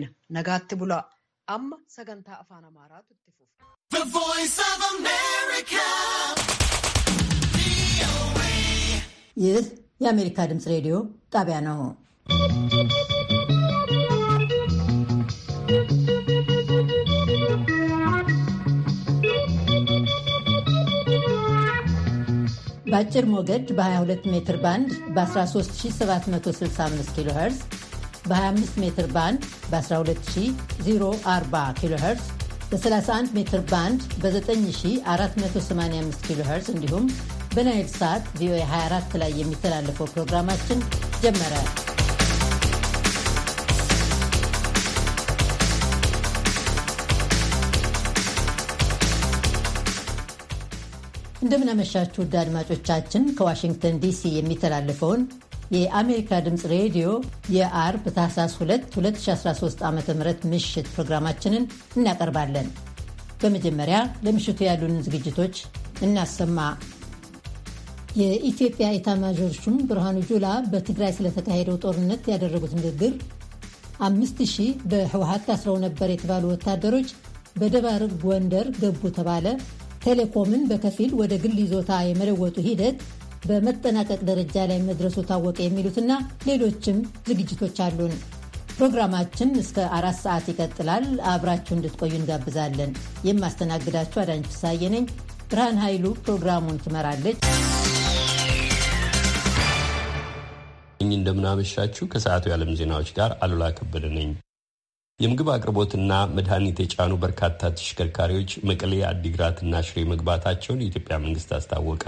nagaatti bulaa amma sagantaa afaan amaaraatu itti fufa. ይህ የአሜሪካ ድምፅ ሬዲዮ ጣቢያ ነው። በአጭር ሞገድ በ22 ሜትር ባንድ በ13765 ኪሎ ሄርዝ በ25 ሜትር ባንድ በ12040 ኪሎ ሄርዝ በ31 ሜትር ባንድ በ9485 ኪሎ ሄርዝ እንዲሁም በናይል ሳት ቪኦኤ 24 ላይ የሚተላለፈው ፕሮግራማችን ጀመረ። እንደምናመሻችሁ ውድ አድማጮቻችን ከዋሽንግተን ዲሲ የሚተላለፈውን የአሜሪካ ድምፅ ሬዲዮ የአርብ ታህሳስ 2 2013 ዓ ም ምሽት ፕሮግራማችንን እናቀርባለን። በመጀመሪያ ለምሽቱ ያሉንን ዝግጅቶች እናሰማ። የኢትዮጵያ ኢታማዦር ሹም ብርሃኑ ጁላ በትግራይ ስለተካሄደው ጦርነት ያደረጉት ንግግር አምስት ሺህ በህወሀት ታስረው ነበር የተባሉ ወታደሮች በደባርቅ ጎንደር ገቡ ተባለ፣ ቴሌኮምን በከፊል ወደ ግል ይዞታ የመለወጡ ሂደት በመጠናቀቅ ደረጃ ላይ መድረሱ ታወቀ የሚሉትና ሌሎችም ዝግጅቶች አሉን። ፕሮግራማችን እስከ አራት ሰዓት ይቀጥላል። አብራችሁ እንድትቆዩ እንጋብዛለን። የማስተናግዳችሁ አዳኝ ፍሳዬ ነኝ። ብርሃን ኃይሉ ፕሮግራሙን ትመራለች። እንደምናመሻችሁ ከሰዓቱ የዓለም ዜናዎች ጋር አሉላ ከበደ ነኝ። የምግብ አቅርቦትና መድኃኒት የጫኑ በርካታ ተሽከርካሪዎች መቀሌ፣ አዲግራትና ሽሬ መግባታቸውን የኢትዮጵያ መንግስት አስታወቀ።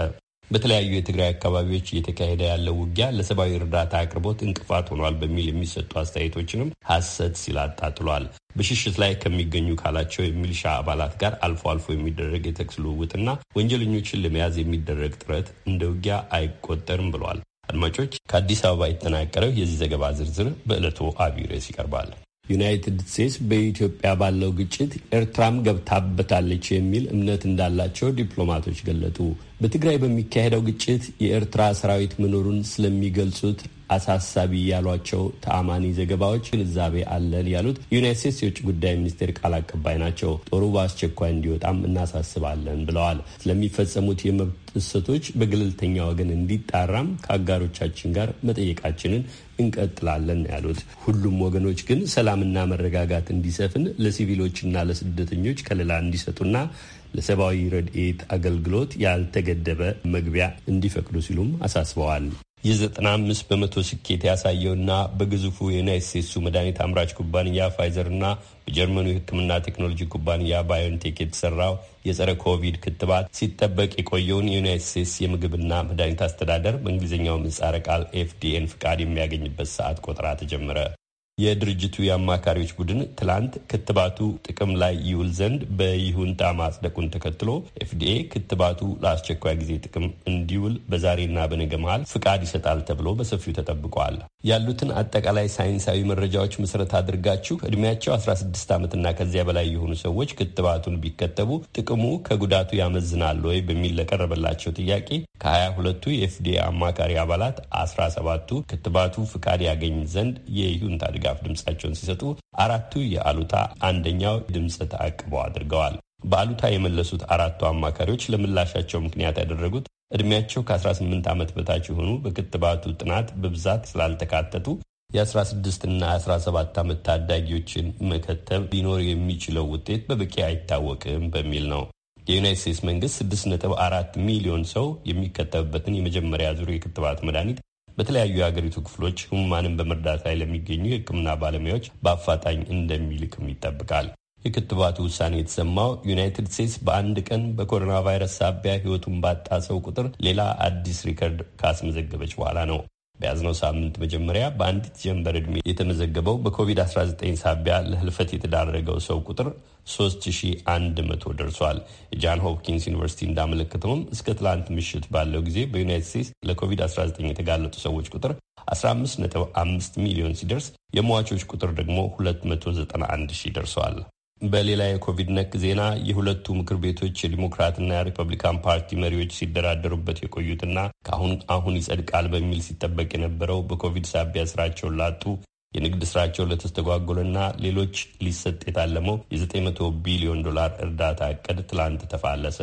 በተለያዩ የትግራይ አካባቢዎች እየተካሄደ ያለው ውጊያ ለሰብአዊ እርዳታ አቅርቦት እንቅፋት ሆኗል በሚል የሚሰጡ አስተያየቶችንም ሐሰት ሲል አጣጥሏል። በሽሽት ላይ ከሚገኙ ካላቸው የሚልሻ አባላት ጋር አልፎ አልፎ የሚደረግ የተኩስ ልውውጥና ወንጀለኞችን ለመያዝ የሚደረግ ጥረት እንደ ውጊያ አይቆጠርም ብሏል። አድማጮች፣ ከአዲስ አበባ የተጠናቀረው የዚህ ዘገባ ዝርዝር በዕለቱ አብይ ርዕስ ይቀርባል። ዩናይትድ ስቴትስ በኢትዮጵያ ባለው ግጭት ኤርትራም ገብታበታለች የሚል እምነት እንዳላቸው ዲፕሎማቶች ገለጡ። በትግራይ በሚካሄደው ግጭት የኤርትራ ሰራዊት መኖሩን ስለሚገልጹት አሳሳቢ ያሏቸው ተአማኒ ዘገባዎች ግንዛቤ አለን ያሉት ዩናይት ስቴትስ የውጭ ጉዳይ ሚኒስቴር ቃል አቀባይ ናቸው። ጦሩ በአስቸኳይ እንዲወጣም እናሳስባለን ብለዋል። ስለሚፈጸሙት የመብት ጥሰቶች በገለልተኛ ወገን እንዲጣራም ከአጋሮቻችን ጋር መጠየቃችንን እንቀጥላለን ያሉት ሁሉም ወገኖች ግን ሰላምና መረጋጋት እንዲሰፍን ለሲቪሎችና ለስደተኞች ከለላ እንዲሰጡና ለሰብአዊ ረድኤት አገልግሎት ያልተገደበ መግቢያ እንዲፈቅዱ ሲሉም አሳስበዋል። የ95 በመቶ ስኬት ያሳየውና በግዙፉ የዩናይት ስቴትሱ መድኃኒት አምራች ኩባንያ ፋይዘር እና በጀርመኑ የሕክምና ቴክኖሎጂ ኩባንያ ባዮንቴክ የተሰራው የጸረ ኮቪድ ክትባት ሲጠበቅ የቆየውን የዩናይት ስቴትስ የምግብና መድኃኒት አስተዳደር በእንግሊዝኛው ምህጻረ ቃል ኤፍዲኤን ፍቃድ የሚያገኝበት ሰዓት ቆጠራ ተጀመረ። የድርጅቱ የአማካሪዎች ቡድን ትላንት ክትባቱ ጥቅም ላይ ይውል ዘንድ በይሁንታ ማጽደቁን ተከትሎ ኤፍዲኤ ክትባቱ ለአስቸኳይ ጊዜ ጥቅም እንዲውል በዛሬና በነገ መሀል ፍቃድ ይሰጣል ተብሎ በሰፊው ተጠብቋል። ያሉትን አጠቃላይ ሳይንሳዊ መረጃዎች መሰረት አድርጋችሁ እድሜያቸው 16 ዓመትና ከዚያ በላይ የሆኑ ሰዎች ክትባቱን ቢከተቡ ጥቅሙ ከጉዳቱ ያመዝናል ወይ በሚል ለቀረበላቸው ጥያቄ ከ22ቱ የኤፍዲኤ አማካሪ አባላት 17ቱ ክትባቱ ፍቃድ ያገኝ ዘንድ የይሁንታ ድጋፍ ድምጻቸውን ሲሰጡ አራቱ የአሉታ አንደኛው ድምፅ ተአቅበው አድርገዋል። በአሉታ የመለሱት አራቱ አማካሪዎች ለምላሻቸው ምክንያት ያደረጉት እድሜያቸው ከ18 ዓመት በታች የሆኑ በክትባቱ ጥናት በብዛት ስላልተካተቱ የ16 እና 17 ዓመት ታዳጊዎችን መከተብ ሊኖር የሚችለው ውጤት በበቂ አይታወቅም በሚል ነው። የዩናይት ስቴትስ መንግስት 6.4 ሚሊዮን ሰው የሚከተብበትን የመጀመሪያ ዙር የክትባት መድኃኒት በተለያዩ የሀገሪቱ ክፍሎች ህሙማንን በመርዳት ላይ ለሚገኙ የህክምና ባለሙያዎች በአፋጣኝ እንደሚልክም ይጠብቃል። የክትባቱ ውሳኔ የተሰማው ዩናይትድ ስቴትስ በአንድ ቀን በኮሮና ቫይረስ ሳቢያ ህይወቱን ባጣ ሰው ቁጥር ሌላ አዲስ ሪከርድ ካስመዘገበች በኋላ ነው። በያዝነው ሳምንት መጀመሪያ በአንዲት ጀንበር ዕድሜ የተመዘገበው በኮቪድ-19 ሳቢያ ለህልፈት የተዳረገው ሰው ቁጥር 3100 ደርሷል። የጃን ሆፕኪንስ ዩኒቨርሲቲ እንዳመለከተውም እስከ ትላንት ምሽት ባለው ጊዜ በዩናይትድ ስቴትስ ለኮቪድ-19 የተጋለጡ ሰዎች ቁጥር 155 ሚሊዮን ሲደርስ የሟቾች ቁጥር ደግሞ 291 ሺህ ደርሷል። በሌላ የኮቪድ ነክ ዜና የሁለቱ ምክር ቤቶች የዲሞክራትና የሪፐብሊካን ፓርቲ መሪዎች ሲደራደሩበት የቆዩትና ከአሁን አሁን ይጸድቃል በሚል ሲጠበቅ የነበረው በኮቪድ ሳቢያ ስራቸውን ላጡ የንግድ ስራቸው ለተስተጓጎለና ሌሎች ሊሰጥ የታለመው የ900 ቢሊዮን ዶላር እርዳታ እቅድ ትላንት ተፋለሰ።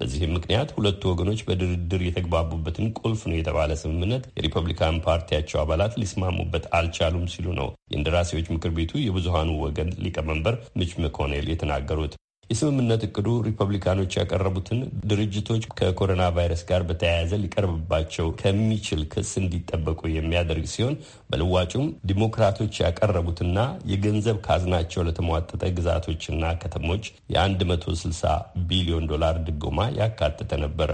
በዚህም ምክንያት ሁለቱ ወገኖች በድርድር የተግባቡበትን ቁልፍ ነው የተባለ ስምምነት የሪፐብሊካን ፓርቲያቸው አባላት ሊስማሙበት አልቻሉም ሲሉ ነው የእንደራሴዎች ምክር ቤቱ የብዙሃኑ ወገን ሊቀመንበር ምች መኮኔል የተናገሩት። የስምምነት እቅዱ ሪፐብሊካኖች ያቀረቡትን ድርጅቶች ከኮሮና ቫይረስ ጋር በተያያዘ ሊቀርብባቸው ከሚችል ክስ እንዲጠበቁ የሚያደርግ ሲሆን በልዋጩም ዲሞክራቶች ያቀረቡትና የገንዘብ ካዝናቸው ለተሟጠጠ ግዛቶችና ከተሞች የ160 ቢሊዮን ዶላር ድጎማ ያካተተ ነበር።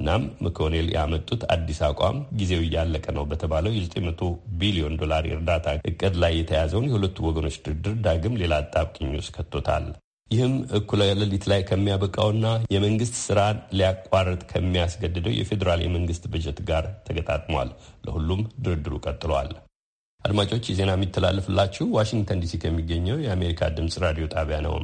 እናም መኮኔል ያመጡት አዲስ አቋም ጊዜው እያለቀ ነው በተባለው የ900 ቢሊዮን ዶላር የእርዳታ እቅድ ላይ የተያዘውን የሁለቱ ወገኖች ድርድር ዳግም ሌላ አጣብቅኝ ውስጥ ከቶታል። ይህም እኩለ ሌሊት ላይ ከሚያበቃውና የመንግስት ስራን ሊያቋርጥ ከሚያስገድደው የፌዴራል የመንግስት በጀት ጋር ተገጣጥሟል። ለሁሉም ድርድሩ ቀጥሏል። አድማጮች የዜና የሚተላለፍላችሁ ዋሽንግተን ዲሲ ከሚገኘው የአሜሪካ ድምፅ ራዲዮ ጣቢያ ነው።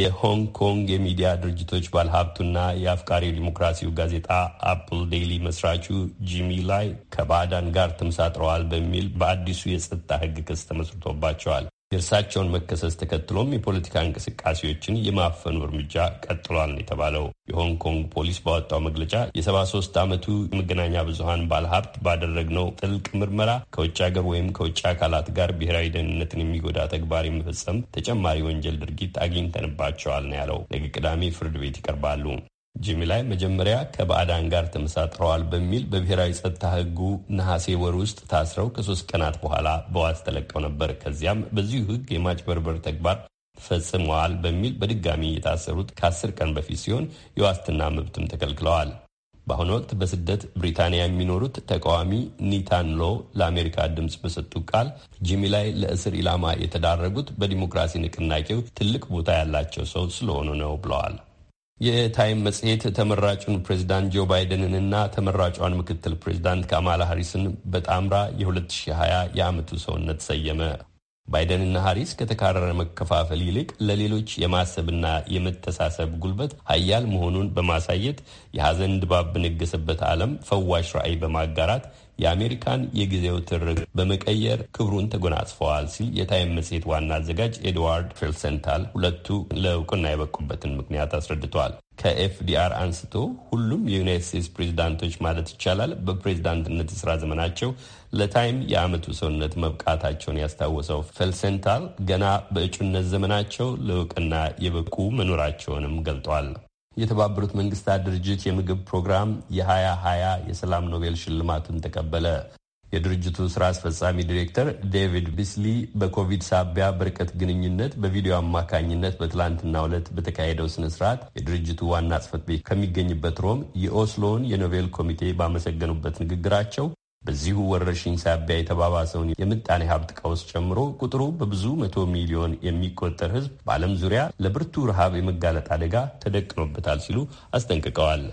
የሆንግ ኮንግ የሚዲያ ድርጅቶች ባለሀብቱና የአፍቃሪ ዲሞክራሲው ጋዜጣ አፕል ዴይሊ መስራቹ ጂሚ ላይ ከባዕዳን ጋር ተመሳጥረዋል በሚል በአዲሱ የጸጥታ ህግ ክስ ተመስርቶባቸዋል። የእርሳቸውን መከሰስ ተከትሎም የፖለቲካ እንቅስቃሴዎችን የማፈኑ እርምጃ ቀጥሏል የተባለው የሆንግ ኮንግ ፖሊስ ባወጣው መግለጫ የ73 ዓመቱ የመገናኛ ብዙሀን ባለሀብት ባደረግነው ጥልቅ ምርመራ ከውጭ ሀገር ወይም ከውጭ አካላት ጋር ብሔራዊ ደህንነትን የሚጎዳ ተግባር የሚፈጸም ተጨማሪ ወንጀል ድርጊት አግኝተንባቸዋል ነው ያለው። ነገ ቅዳሜ ፍርድ ቤት ይቀርባሉ። ጂሚ ላይ መጀመሪያ ከባዕዳን ጋር ተመሳጥረዋል በሚል በብሔራዊ ጸጥታ ሕጉ ነሐሴ ወር ውስጥ ታስረው ከሶስት ቀናት በኋላ በዋስ ተለቀው ነበር። ከዚያም በዚሁ ሕግ የማጭበርበር ተግባር ፈጽመዋል በሚል በድጋሚ የታሰሩት ከአስር ቀን በፊት ሲሆን የዋስትና መብትም ተከልክለዋል። በአሁኑ ወቅት በስደት ብሪታንያ የሚኖሩት ተቃዋሚ ኒታን ሎ ለአሜሪካ ድምፅ በሰጡት ቃል ጂሚ ላይ ለእስር ኢላማ የተዳረጉት በዲሞክራሲ ንቅናቄው ትልቅ ቦታ ያላቸው ሰው ስለሆኑ ነው ብለዋል። የታይም መጽሔት ተመራጩን ፕሬዚዳንት ጆ ባይደንንና ተመራጯን ምክትል ፕሬዚዳንት ካማላ ሀሪስን በጣምራ የ2020 የዓመቱ ሰውነት ሰየመ። ባይደንና ሀሪስ ከተካረረ መከፋፈል ይልቅ ለሌሎች የማሰብና የመተሳሰብ ጉልበት ሀያል መሆኑን በማሳየት የሐዘን ድባብ በነገሰበት ዓለም ፈዋሽ ራዕይ በማጋራት የአሜሪካን የጊዜው ትርክ በመቀየር ክብሩን ተጎናጽፈዋል ሲል የታይም መጽሔት ዋና አዘጋጅ ኤድዋርድ ፌልሰንታል ሁለቱ ለእውቅና የበቁበትን ምክንያት አስረድተዋል። ከኤፍዲአር አንስቶ ሁሉም የዩናይት ስቴትስ ፕሬዚዳንቶች ማለት ይቻላል በፕሬዚዳንትነት የስራ ዘመናቸው ለታይም የዓመቱ ሰውነት መብቃታቸውን ያስታወሰው ፈልሰንታል ገና በእጩነት ዘመናቸው ለእውቅና የበቁ መኖራቸውንም ገልጧል። የተባበሩት መንግስታት ድርጅት የምግብ ፕሮግራም የ2020 የሰላም ኖቤል ሽልማቱን ተቀበለ። የድርጅቱ ስራ አስፈጻሚ ዲሬክተር ዴቪድ ቢስሊ በኮቪድ ሳቢያ በርቀት ግንኙነት በቪዲዮ አማካኝነት በትላንትናው ዕለት በተካሄደው ስነ ስርዓት የድርጅቱ ዋና ጽህፈት ቤት ከሚገኝበት ሮም የኦስሎውን የኖቤል ኮሚቴ ባመሰገኑበት ንግግራቸው በዚሁ ወረርሽኝ ሳቢያ የተባባሰውን የምጣኔ ሀብት ቀውስ ጨምሮ ቁጥሩ በብዙ መቶ ሚሊዮን የሚቆጠር ሕዝብ በዓለም ዙሪያ ለብርቱ ረሃብ የመጋለጥ አደጋ ተደቅኖበታል ሲሉ አስጠንቅቀዋል።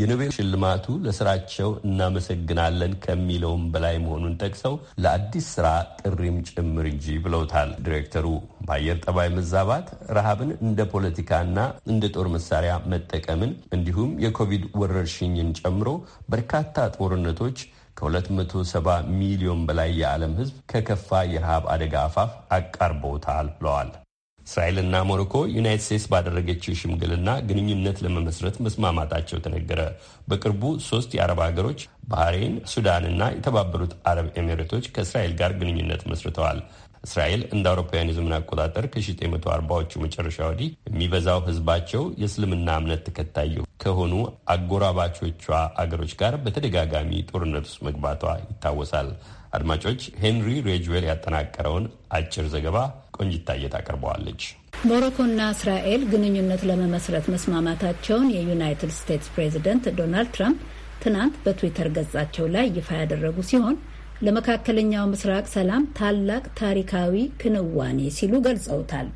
የኖቤል ሽልማቱ ለስራቸው እናመሰግናለን ከሚለውም በላይ መሆኑን ጠቅሰው ለአዲስ ስራ ጥሪም ጭምር እንጂ ብለውታል። ዲሬክተሩ በአየር ጠባይ መዛባት ረሃብን እንደ ፖለቲካና እንደ ጦር መሳሪያ መጠቀምን እንዲሁም የኮቪድ ወረርሽኝን ጨምሮ በርካታ ጦርነቶች ከ270 ሚሊዮን በላይ የዓለም ሕዝብ ከከፋ የረሃብ አደጋ አፋፍ አቃርበውታል ብለዋል። እስራኤልና ሞሮኮ ዩናይት ስቴትስ ባደረገችው ሽምግልና ግንኙነት ለመመስረት መስማማታቸው ተነገረ። በቅርቡ ሶስት የአረብ ሀገሮች ባህሬን፣ ሱዳንና የተባበሩት አረብ ኤሚሬቶች ከእስራኤል ጋር ግንኙነት መስርተዋል። እስራኤል እንደ አውሮፓውያን የዘመን አቆጣጠር ከ1940ዎቹ መጨረሻ ወዲህ የሚበዛው ህዝባቸው የእስልምና እምነት ተከታይ ከሆኑ አጎራባቾቿ አገሮች ጋር በተደጋጋሚ ጦርነት ውስጥ መግባቷ ይታወሳል። አድማጮች፣ ሄንሪ ሬጅዌል ያጠናቀረውን አጭር ዘገባ ቆንጅታየት አቀርበዋለች። ሞሮኮና እስራኤል ግንኙነት ለመመስረት መስማማታቸውን የዩናይትድ ስቴትስ ፕሬዚደንት ዶናልድ ትራምፕ ትናንት በትዊተር ገጻቸው ላይ ይፋ ያደረጉ ሲሆን ለመካከለኛው ምስራቅ ሰላም ታላቅ ታሪካዊ ክንዋኔ ሲሉ ገልጸውታል።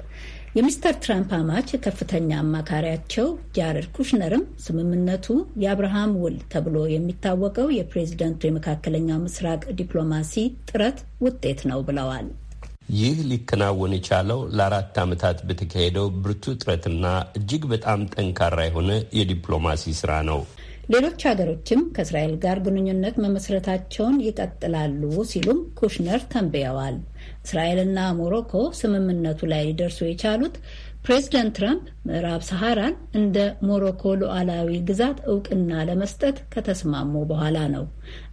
የሚስተር ትራምፕ አማች ከፍተኛ አማካሪያቸው ጃረድ ኩሽነርም ስምምነቱ የአብርሃም ውል ተብሎ የሚታወቀው የፕሬዝደንቱ የመካከለኛው ምስራቅ ዲፕሎማሲ ጥረት ውጤት ነው ብለዋል። ይህ ሊከናወን የቻለው ለአራት ዓመታት በተካሄደው ብርቱ ጥረትና እጅግ በጣም ጠንካራ የሆነ የዲፕሎማሲ ስራ ነው። ሌሎች ሀገሮችም ከእስራኤል ጋር ግንኙነት መመስረታቸውን ይቀጥላሉ ሲሉም ኩሽነር ተንብየዋል። እስራኤልና ሞሮኮ ስምምነቱ ላይ ሊደርሱ የቻሉት ፕሬዚደንት ትራምፕ ምዕራብ ሰሐራን እንደ ሞሮኮ ሉዓላዊ ግዛት እውቅና ለመስጠት ከተስማሙ በኋላ ነው።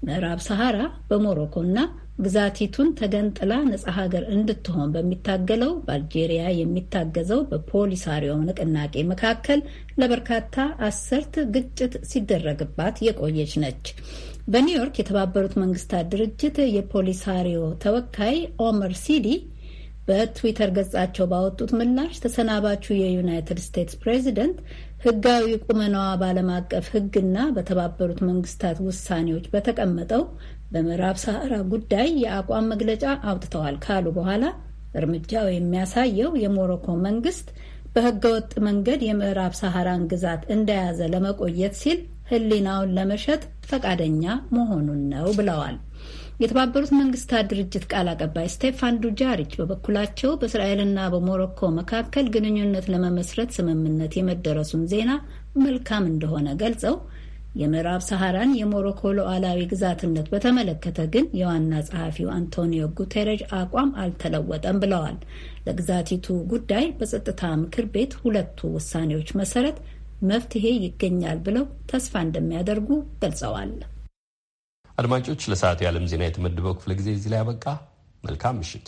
ምዕራብ ሰሃራ በሞሮኮና ግዛቲቱን ተገንጥላ ነጻ ሀገር እንድትሆን በሚታገለው በአልጄሪያ የሚታገዘው በፖሊሳሪዮ ንቅናቄ መካከል ለበርካታ አስርት ግጭት ሲደረግባት የቆየች ነች። በኒውዮርክ የተባበሩት መንግስታት ድርጅት የፖሊሳሪዮ ተወካይ ኦመር ሲዲ በትዊተር ገጻቸው ባወጡት ምላሽ ተሰናባቹ የዩናይትድ ስቴትስ ፕሬዚደንት ህጋዊ ቁመናዋ በዓለም አቀፍ ህግና በተባበሩት መንግስታት ውሳኔዎች በተቀመጠው በምዕራብ ሰሐራ ጉዳይ የአቋም መግለጫ አውጥተዋል ካሉ በኋላ እርምጃው የሚያሳየው የሞሮኮ መንግስት በህገወጥ መንገድ የምዕራብ ሰሐራን ግዛት እንደያዘ ለመቆየት ሲል ህሊናውን ለመሸጥ ፈቃደኛ መሆኑን ነው ብለዋል። የተባበሩት መንግስታት ድርጅት ቃል አቀባይ ስቴፋን ዱጃሪች በበኩላቸው በእስራኤልና በሞሮኮ መካከል ግንኙነት ለመመስረት ስምምነት የመደረሱን ዜና መልካም እንደሆነ ገልጸው የምዕራብ ሰሐራን የሞሮኮ ሉዓላዊ ግዛትነት በተመለከተ ግን የዋና ጸሐፊው አንቶኒዮ ጉቴሬጅ አቋም አልተለወጠም ብለዋል። ለግዛቲቱ ጉዳይ በጸጥታ ምክር ቤት ሁለቱ ውሳኔዎች መሰረት መፍትሄ ይገኛል ብለው ተስፋ እንደሚያደርጉ ገልጸዋል። አድማጮች፣ ለሰዓቱ የዓለም ዜና የተመደበው ክፍለ ጊዜ እዚህ ላይ ያበቃ። መልካም ምሽት።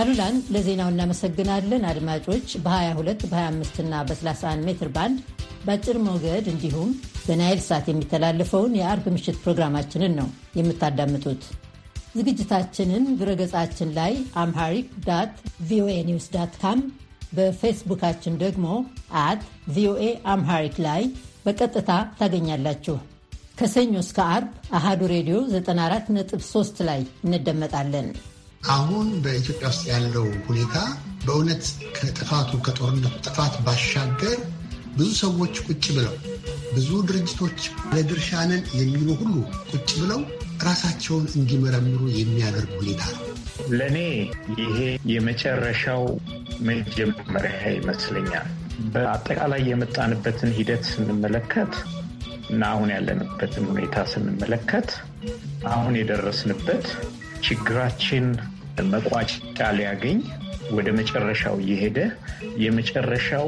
አሉላን ለዜናው እናመሰግናለን። አድማጮች በ22 በ25 እና በ31 ሜትር ባንድ በአጭር ሞገድ እንዲሁም በናይል ሳት የሚተላለፈውን የአርብ ምሽት ፕሮግራማችንን ነው የምታዳምጡት። ዝግጅታችንን ድረገጻችን ላይ አምሃሪክ ዳት ቪኦኤ ኒውስ ዳት ካም በፌስቡካችን ደግሞ አት ቪኦኤ አምሃሪክ ላይ በቀጥታ ታገኛላችሁ። ከሰኞ እስከ አርብ አሃዱ ሬዲዮ 94.3 ላይ እንደመጣለን። አሁን በኢትዮጵያ ውስጥ ያለው ሁኔታ በእውነት ከጥፋቱ ከጦርነቱ ጥፋት ባሻገር ብዙ ሰዎች ቁጭ ብለው ብዙ ድርጅቶች ለድርሻንን የሚሉ ሁሉ ቁጭ ብለው ራሳቸውን እንዲመረምሩ የሚያደርግ ሁኔታ ነው። ለእኔ ይሄ የመጨረሻው መጀመሪያ ይመስለኛል። በአጠቃላይ የመጣንበትን ሂደት ስንመለከት እና አሁን ያለንበትን ሁኔታ ስንመለከት አሁን የደረስንበት ችግራችን መቋጫ ሊያገኝ ወደ መጨረሻው እየሄደ የመጨረሻው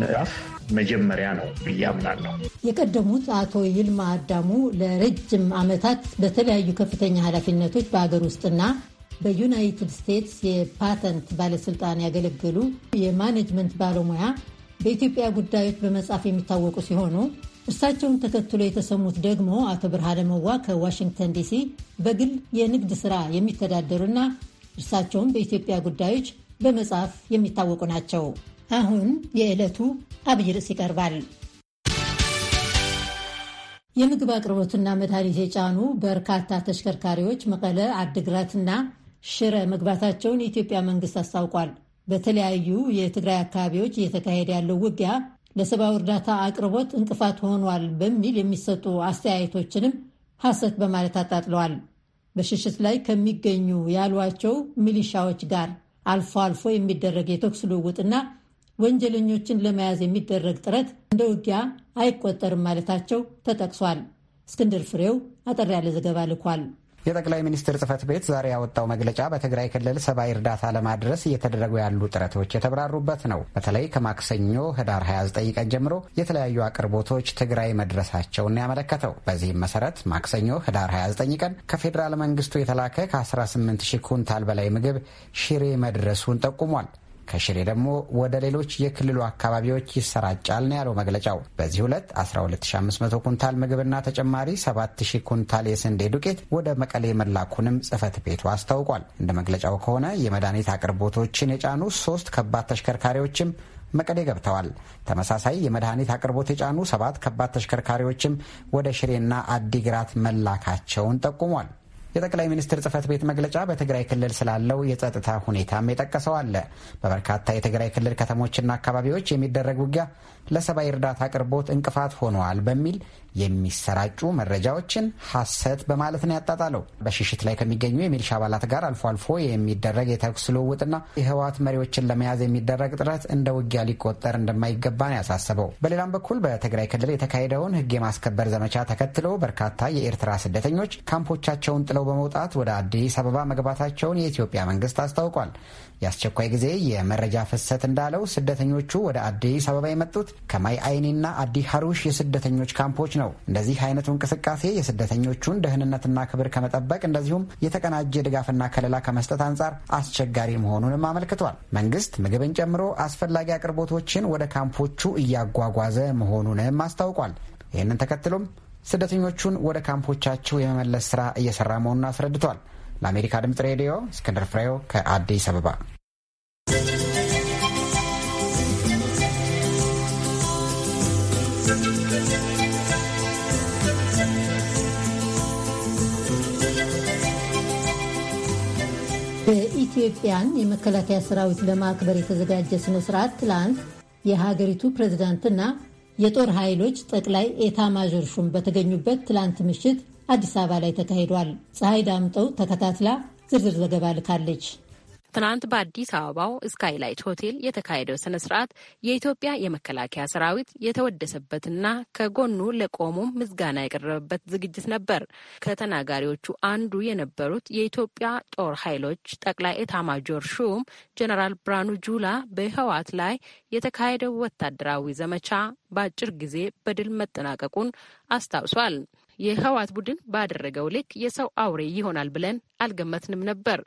ምዕራፍ መጀመሪያ ነው ብዬ አምናለሁ። የቀደሙት አቶ ይልማ አዳሙ ለረጅም ዓመታት በተለያዩ ከፍተኛ ኃላፊነቶች በሀገር ውስጥና በዩናይትድ ስቴትስ የፓተንት ባለስልጣን ያገለገሉ የማኔጅመንት ባለሙያ በኢትዮጵያ ጉዳዮች በመጻፍ የሚታወቁ ሲሆኑ እርሳቸውን ተከትሎ የተሰሙት ደግሞ አቶ ብርሃነ መዋ ከዋሽንግተን ዲሲ በግል የንግድ ሥራ የሚተዳደሩና እርሳቸውም በኢትዮጵያ ጉዳዮች በመጽሐፍ የሚታወቁ ናቸው። አሁን የዕለቱ አብይ ርዕስ ይቀርባል። የምግብ አቅርቦትና መድኃኒት የጫኑ በርካታ ተሽከርካሪዎች መቀለ፣ አድግራትና ሽረ መግባታቸውን የኢትዮጵያ መንግስት አስታውቋል። በተለያዩ የትግራይ አካባቢዎች እየተካሄደ ያለው ውጊያ ለሰብአዊ እርዳታ አቅርቦት እንቅፋት ሆኗል በሚል የሚሰጡ አስተያየቶችንም ሐሰት በማለት አጣጥለዋል። በሽሽት ላይ ከሚገኙ ያሏቸው ሚሊሻዎች ጋር አልፎ አልፎ የሚደረግ የተኩስ ልውውጥና ወንጀለኞችን ለመያዝ የሚደረግ ጥረት እንደ ውጊያ አይቆጠርም ማለታቸው ተጠቅሷል። እስክንድር ፍሬው አጠር ያለ ዘገባ ልኳል። የጠቅላይ ሚኒስትር ጽህፈት ቤት ዛሬ ያወጣው መግለጫ በትግራይ ክልል ሰብአዊ እርዳታ ለማድረስ እየተደረጉ ያሉ ጥረቶች የተብራሩበት ነው። በተለይ ከማክሰኞ ህዳር 29 ቀን ጀምሮ የተለያዩ አቅርቦቶች ትግራይ መድረሳቸውን ያመለከተው። በዚህም መሰረት ማክሰኞ ህዳር 29 ቀን ከፌዴራል መንግስቱ የተላከ ከ18 ሺህ ኩንታል በላይ ምግብ ሽሬ መድረሱን ጠቁሟል። ከሽሬ ደግሞ ወደ ሌሎች የክልሉ አካባቢዎች ይሰራጫል ነው ያለው መግለጫው። በዚህ ሁለት 12500 ኩንታል ምግብና ተጨማሪ 7000 ኩንታል የስንዴ ዱቄት ወደ መቀሌ መላኩንም ጽህፈት ቤቱ አስታውቋል። እንደ መግለጫው ከሆነ የመድኃኒት አቅርቦቶችን የጫኑ ሶስት ከባድ ተሽከርካሪዎችም መቀሌ ገብተዋል። ተመሳሳይ የመድኃኒት አቅርቦት የጫኑ ሰባት ከባድ ተሽከርካሪዎችም ወደ ሽሬና አዲግራት መላካቸውን ጠቁሟል። የጠቅላይ ሚኒስትር ጽህፈት ቤት መግለጫ በትግራይ ክልል ስላለው የጸጥታ ሁኔታም የጠቀሰው አለ። በበርካታ የትግራይ ክልል ከተሞችና አካባቢዎች የሚደረግ ውጊያ ለሰብአዊ እርዳታ አቅርቦት እንቅፋት ሆነዋል በሚል የሚሰራጩ መረጃዎችን ሐሰት በማለት ነው ያጣጣለው። በሽሽት ላይ ከሚገኙ የሚሊሻ አባላት ጋር አልፎ አልፎ የሚደረግ የተኩስ ልውውጥና የህወሓት መሪዎችን ለመያዝ የሚደረግ ጥረት እንደ ውጊያ ሊቆጠር እንደማይገባ ነው ያሳሰበው። በሌላም በኩል በትግራይ ክልል የተካሄደውን ህግ የማስከበር ዘመቻ ተከትሎ በርካታ የኤርትራ ስደተኞች ካምፖቻቸውን ጥለው በመውጣት ወደ አዲስ አበባ መግባታቸውን የኢትዮጵያ መንግስት አስታውቋል። የአስቸኳይ ጊዜ የመረጃ ፍሰት እንዳለው ስደተኞቹ ወደ አዲስ አበባ የመጡት ከማይ አይኒና አዲ ሀሩሽ የስደተኞች ካምፖች ነው። እንደዚህ አይነቱ እንቅስቃሴ የስደተኞቹን ደህንነትና ክብር ከመጠበቅ እንደዚሁም የተቀናጀ ድጋፍና ከለላ ከመስጠት አንጻር አስቸጋሪ መሆኑንም አመልክቷል። መንግስት ምግብን ጨምሮ አስፈላጊ አቅርቦቶችን ወደ ካምፖቹ እያጓጓዘ መሆኑንም አስታውቋል። ይህንን ተከትሎም ስደተኞቹን ወደ ካምፖቻቸው የመመለስ ስራ እየሰራ መሆኑን አስረድቷል። ለአሜሪካ ድምጽ ሬዲዮ እስክንድር ፍሬው ከአዲስ አበባ በኢትዮጵያን የመከላከያ ሰራዊት ለማክበር የተዘጋጀ ስነ ስርዓት ትላንት የሀገሪቱ ፕሬዝዳንትና የጦር ኃይሎች ጠቅላይ ኤታ ማዦር ሹም በተገኙበት ትላንት ምሽት አዲስ አበባ ላይ ተካሂዷል። ፀሐይ ዳምጠው ተከታትላ ዝርዝር ዘገባ ልካለች። ትናንት በአዲስ አበባው ስካይላይት ሆቴል የተካሄደው ስነ ስርዓት የኢትዮጵያ የመከላከያ ሰራዊት የተወደሰበትና ከጎኑ ለቆሙም ምስጋና የቀረበበት ዝግጅት ነበር። ከተናጋሪዎቹ አንዱ የነበሩት የኢትዮጵያ ጦር ኃይሎች ጠቅላይ ኤታማጆር ሹም ጀነራል ብርሃኑ ጁላ በህወሓት ላይ የተካሄደው ወታደራዊ ዘመቻ በአጭር ጊዜ በድል መጠናቀቁን አስታውሷል። የህወሓት ቡድን ባደረገው ልክ የሰው አውሬ ይሆናል ብለን አልገመትንም ነበር።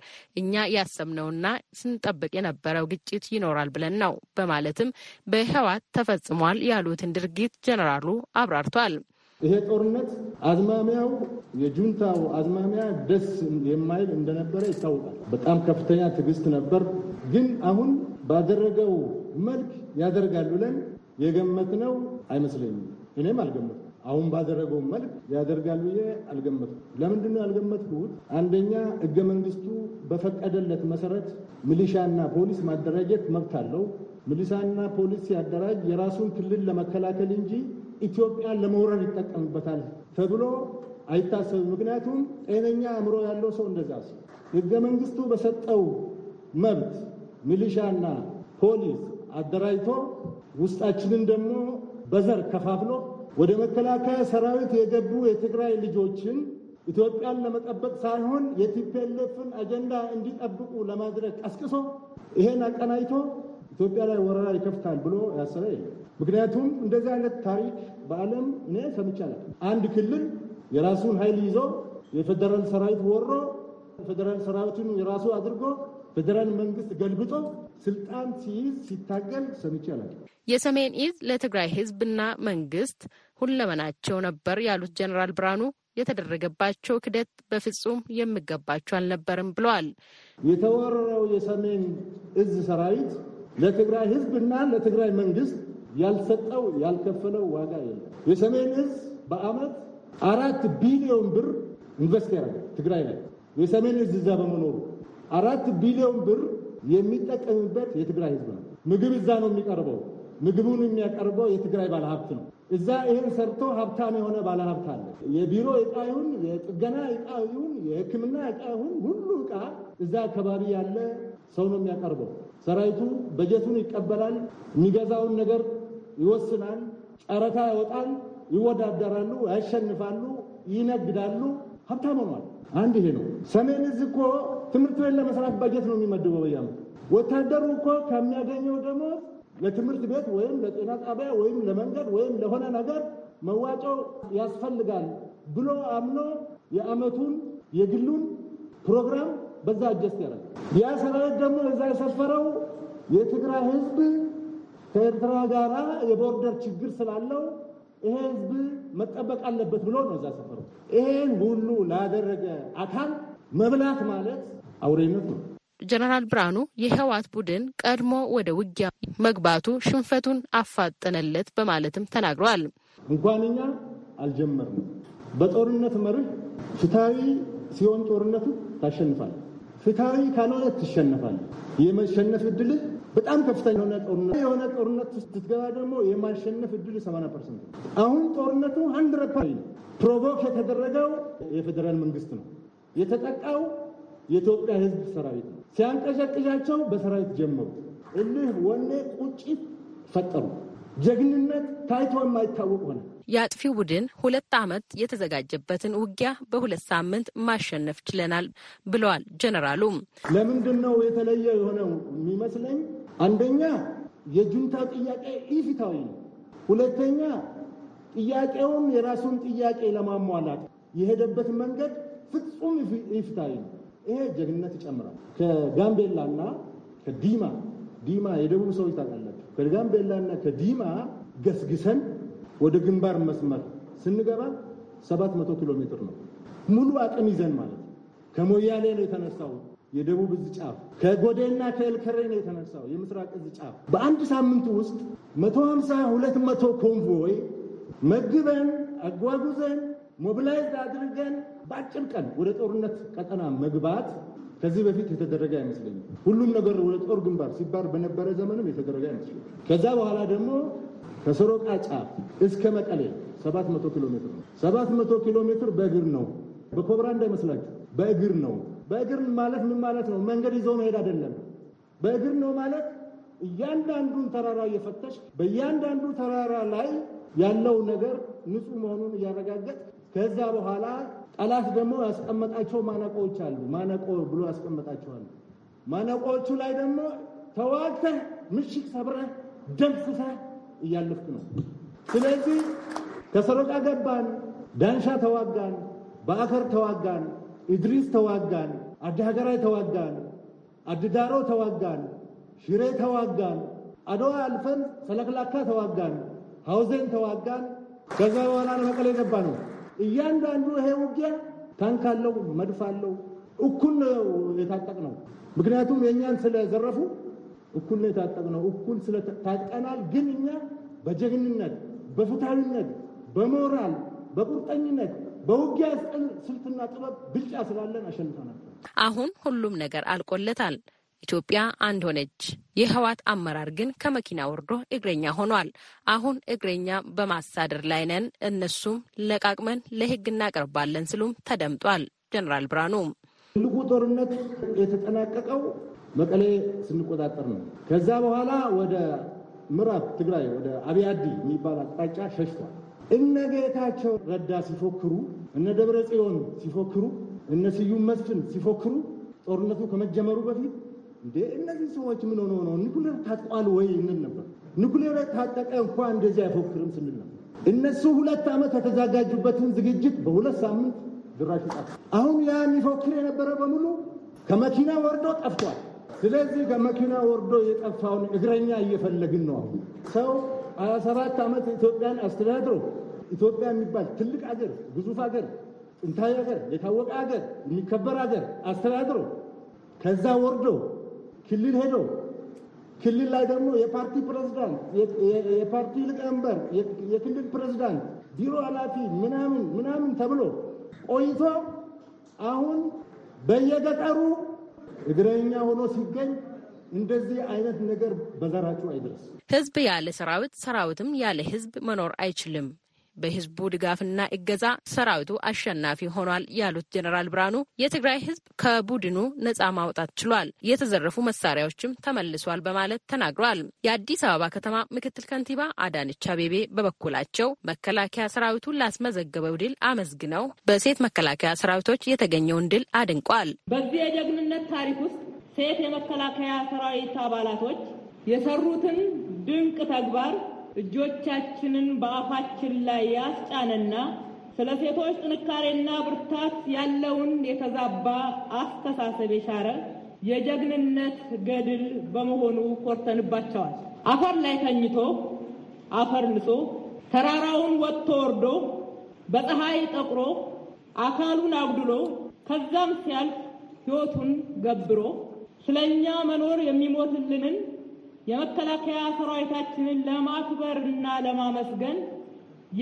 እኛ ያሰብነውና ስንጠብቅ የነበረው ግጭት ይኖራል ብለን ነው በማለትም በህወሓት ተፈጽሟል ያሉትን ድርጊት ጀነራሉ አብራርቷል። ይሄ ጦርነት አዝማሚያው የጁንታው አዝማሚያ ደስ የማይል እንደነበረ ይታወቃል። በጣም ከፍተኛ ትዕግስት ነበር። ግን አሁን ባደረገው መልክ ያደርጋል ብለን የገመትነው አይመስለኝም። እኔም አልገመት አሁን ባደረገው መልክ ያደርጋል ብዬ አልገመትኩም። ለምንድን ነው ያልገመትኩት? አንደኛ ህገ መንግስቱ በፈቀደለት መሰረት ሚሊሻና ፖሊስ ማደራጀት መብት አለው። ሚሊሻና ፖሊስ ሲያደራጅ የራሱን ክልል ለመከላከል እንጂ ኢትዮጵያን ለመውረር ይጠቀምበታል ተብሎ አይታሰብም። ምክንያቱም ጤነኛ አእምሮ ያለው ሰው እንደዛ ሰው ህገ መንግስቱ በሰጠው መብት ሚሊሻና ፖሊስ አደራጅቶ ውስጣችንን ደግሞ በዘር ከፋፍሎ ወደ መከላከያ ሰራዊት የገቡ የትግራይ ልጆችን ኢትዮጵያን ለመጠበቅ ሳይሆን የቲፒኤልኤፍን አጀንዳ እንዲጠብቁ ለማድረግ ቀስቅሶ ይሄን አቀናጅቶ ኢትዮጵያ ላይ ወረራ ይከፍታል ብሎ ያሰበ የለም። ምክንያቱም እንደዚህ አይነት ታሪክ በዓለም እኔ ሰምቻለሁ። አንድ ክልል የራሱን ኃይል ይዞ የፌደራል ሰራዊት ወሮ ፌዴራል ሰራዊቱን የራሱ አድርጎ ፌዴራል መንግስት ገልብጦ ስልጣን ሲይዝ ሲታገል ሰምቻለሁ። የሰሜን ኢዝ ለትግራይ ህዝብና መንግስት ሁለመናቸው ነበር ያሉት ጀኔራል ብርሃኑ የተደረገባቸው ክደት በፍጹም የሚገባቸው አልነበርም ብለዋል። የተወረረው የሰሜን እዝ ሰራዊት ለትግራይ ህዝብና ለትግራይ መንግስት ያልሰጠው ያልከፈለው ዋጋ የለም። የሰሜን እዝ በአመት አራት ቢሊዮን ብር ኢንቨስት ያደርጋል ትግራይ ላይ የሰሜን እዝ እዛ በመኖሩ አራት ቢሊዮን ብር የሚጠቀምበት የትግራይ ህዝብ ነው። ምግብ እዛ ነው የሚቀርበው። ምግቡን የሚያቀርበው የትግራይ ባለሀብት ነው። እዛ ይህን ሰርቶ ሀብታም የሆነ ባለሀብት አለ። የቢሮ እቃ ይሁን፣ የጥገና እቃ ይሁን፣ የሕክምና እቃ ይሁን፣ ሁሉ እቃ እዛ አካባቢ ያለ ሰው ነው የሚያቀርበው። ሰራዊቱ በጀቱን ይቀበላል። የሚገዛውን ነገር ይወስናል። ጨረታ ያወጣል። ይወዳደራሉ፣ ያሸንፋሉ፣ ይነግዳሉ። ሀብታም ሆኗል። አንድ ይሄ ነው። ሰሜን እዝ እኮ ትምህርት ቤት ለመስራት በጀት ነው የሚመድበው በየዓመቱ። ወታደሩ እኮ ከሚያገኘው ደሞዝ ለትምህርት ቤት ወይም ለጤና ጣቢያ ወይም ለመንገድ ወይም ለሆነ ነገር መዋጮ ያስፈልጋል ብሎ አምኖ የአመቱን የግሉን ፕሮግራም በዛ አጀስት ያደረገ ያ ሰራዊት ደግሞ እዛ የሰፈረው የትግራይ ህዝብ ከኤርትራ ጋራ የቦርደር ችግር ስላለው ይሄ ህዝብ መጠበቅ አለበት ብሎ ነው እዛ ሰፈረው። ይሄን ሁሉ ላደረገ አካል መብላት ማለት አውሬነት ነው። ጀነራል ብርሃኑ የህወሓት ቡድን ቀድሞ ወደ ውጊያ መግባቱ ሽንፈቱን አፋጠነለት በማለትም ተናግረዋል። እንኳን እኛ አልጀመርም። በጦርነት መርህ ፍትሐዊ ሲሆን ጦርነቱ ታሸንፋል፣ ፍትሐዊ ካልሆነ ትሸነፋል። የመሸነፍ እድል በጣም ከፍተኛ የሆነ ጦርነት የሆነ ጦርነት ስትገባ ደግሞ የማሸነፍ እድል 80 ፐርሰንት። አሁን ጦርነቱ አንድ ረፓ ፕሮቮክ የተደረገው የፌዴራል መንግስት ነው። የተጠቃው የኢትዮጵያ ህዝብ ሰራዊት ነው። ሲያንቀሸቅሻቸው በሰራዊት ጀመሩ። እልህ፣ ወኔ፣ ቁጭት ፈጠሩ። ጀግንነት ታይቶ የማይታወቅ ሆነ። የአጥፊው ቡድን ሁለት ዓመት የተዘጋጀበትን ውጊያ በሁለት ሳምንት ማሸነፍ ችለናል ብለዋል ጀነራሉ። ለምንድን ነው የተለየ የሆነው የሚመስለኝ? አንደኛ የጁንታው ጥያቄ ኢፊታዊ ነው። ሁለተኛ ጥያቄውን የራሱን ጥያቄ ለማሟላት የሄደበት መንገድ ፍጹም ኢፍትሐዊ ነው። ይሄ ጀግንነት ይጨምራል። ከጋምቤላና ከዲማ ዲማ የደቡብ ሰዎች ታውቃላችሁ። ከጋምቤላና ከዲማ ገስግሰን ወደ ግንባር መስመር ስንገባ 700 ኪሎ ሜትር ነው። ሙሉ አቅም ይዘን ማለት ነው። ከሞያሌ ነው የተነሳው የደቡብ እዝ ጫፍ፣ ከጎዴና ከኤልከሬ ነው የተነሳው የምስራቅ እዝ ጫፍ። በአንድ ሳምንት ውስጥ 150 200 ኮንቮይ መግበን አጓጉዘን ሞቢላይዝ አድርገን በአጭር ቀን ወደ ጦርነት ቀጠና መግባት ከዚህ በፊት የተደረገ አይመስለኝም። ሁሉም ነገር ወደ ጦር ግንባር ሲባል በነበረ ዘመንም የተደረገ አይመስለኝም። ከዛ በኋላ ደግሞ ከሰሮቃ ጫፍ እስከ መቀሌ 700 ኪሎ ሜትር ነው። 700 ኪሎ ሜትር በእግር ነው። በኮብራ እንዳይመስላችሁ በእግር ነው። በእግር ማለት ምን ማለት ነው? መንገድ ይዞ መሄድ አይደለም። በእግር ነው ማለት እያንዳንዱን ተራራ እየፈተሽ በእያንዳንዱ ተራራ ላይ ያለው ነገር ንጹህ መሆኑን እያረጋገጥ ከዛ በኋላ ጠላት ደግሞ ያስቀመጣቸው ማነቆዎች አሉ። ማነቆ ብሎ ያስቀመጣቸዋል። ማነቆዎቹ ላይ ደግሞ ተዋግተህ ምሽግ ሰብረህ ደምስሰህ እያለፍክ ነው። ስለዚህ ከሰሮቃ ገባን፣ ዳንሻ ተዋጋን፣ በአከር ተዋጋን፣ ኢድሪስ ተዋጋን፣ አዲሀገራይ ተዋጋን፣ አድዳሮ ተዋጋን፣ ሽሬ ተዋጋን፣ አድዋ አልፈን ሰለክላካ ተዋጋን፣ ሀውዜን ተዋጋን። ከዛ በኋላ ለመቀሌ ገባ ነው። እያንዳንዱ ይሄ ውጊያ ታንክ አለው፣ መድፍ አለው። እኩል ነው የታጠቅ ነው። ምክንያቱም የእኛን ስለዘረፉ እኩል ነው የታጠቅ ነው። እኩል ስለታጥቀናል። ግን እኛ በጀግንነት በፉታዊነት በሞራል፣ በቁርጠኝነት በውጊያ ስልትና ጥበብ ብልጫ ስላለን አሸንፈናል። አሁን ሁሉም ነገር አልቆለታል። ኢትዮጵያ አንድ ሆነች። የህዋት አመራር ግን ከመኪና ወርዶ እግረኛ ሆኗል። አሁን እግረኛ በማሳደር ላይ ነን፣ እነሱም ለቃቅመን ለህግ እናቀርባለን ሲሉም ተደምጧል። ጀኔራል ብርሃኑ ትልቁ ጦርነት የተጠናቀቀው መቀሌ ስንቆጣጠር ነው። ከዛ በኋላ ወደ ምዕራብ ትግራይ ወደ አብያዲ የሚባል አቅጣጫ ሸሽቷል። እነ ጌታቸው ረዳ ሲፎክሩ፣ እነ ደብረ ጽዮን ሲፎክሩ፣ እነ ስዩም መስፍን ሲፎክሩ ጦርነቱ ከመጀመሩ በፊት እንዴ እነዚህ ሰዎች ምን ሆኖ ነው ኒኩሌር ታጥቋል ወይ እንል ነበር። ኒኩሌር ታጠቀ እንኳ እንደዚህ አይፎክርም ስንል ነበር። እነሱ ሁለት ዓመት የተዘጋጁበትን ዝግጅት በሁለት ሳምንት ድራሽ ጣፍ አሁን ያ የሚፎክር የነበረ በሙሉ ከመኪና ወርዶ ጠፍቷል። ስለዚህ ከመኪና ወርዶ የጠፋውን እግረኛ እየፈለግን ነው። አሁን ሰው ሀያ ሰባት ዓመት ኢትዮጵያን አስተዳድሮ ኢትዮጵያ የሚባል ትልቅ አገር፣ ግዙፍ አገር፣ ጥንታዊ አገር፣ የታወቀ አገር፣ የሚከበር አገር አስተዳድሮ ከዛ ወርዶ ክልል ሄዶ ክልል ላይ ደግሞ የፓርቲ ፕሬዝዳንት፣ የፓርቲ ሊቀመንበር፣ የክልል ፕሬዝዳንት፣ ቢሮ ኃላፊ ምናምን ምናምን ተብሎ ቆይቶ አሁን በየገጠሩ እግረኛ ሆኖ ሲገኝ እንደዚህ አይነት ነገር በዘራጩ አይደርስ። ህዝብ ያለ ሰራዊት ሰራዊትም ያለ ህዝብ መኖር አይችልም በህዝቡ ድጋፍና እገዛ ሰራዊቱ አሸናፊ ሆኗል ያሉት ጀኔራል ብርሃኑ የትግራይ ህዝብ ከቡድኑ ነጻ ማውጣት ችሏል፣ የተዘረፉ መሳሪያዎችም ተመልሷል በማለት ተናግሯል። የአዲስ አበባ ከተማ ምክትል ከንቲባ አዳነች አቤቤ በበኩላቸው መከላከያ ሰራዊቱ ላስመዘገበው ድል አመስግነው በሴት መከላከያ ሰራዊቶች የተገኘውን ድል አድንቋል። በዚህ የጀግንነት ታሪክ ውስጥ ሴት የመከላከያ ሰራዊት አባላቶች የሰሩትን ድንቅ ተግባር እጆቻችንን በአፋችን ላይ ያስጫነና ስለ ሴቶች ጥንካሬና ብርታት ያለውን የተዛባ አስተሳሰብ የሻረ የጀግንነት ገድል በመሆኑ ኮርተንባቸዋል። አፈር ላይ ተኝቶ አፈር ልሶ ተራራውን ወጥቶ ወርዶ በፀሐይ ጠቁሮ አካሉን አጉድሎ ከዛም ሲያልፍ ሕይወቱን ገብሮ ስለኛ መኖር የሚሞትልንን የመከላከያ ሰራዊታችንን ለማክበርና ለማመስገን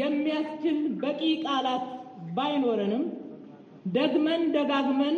የሚያስችል በቂ ቃላት ባይኖረንም ደግመን ደጋግመን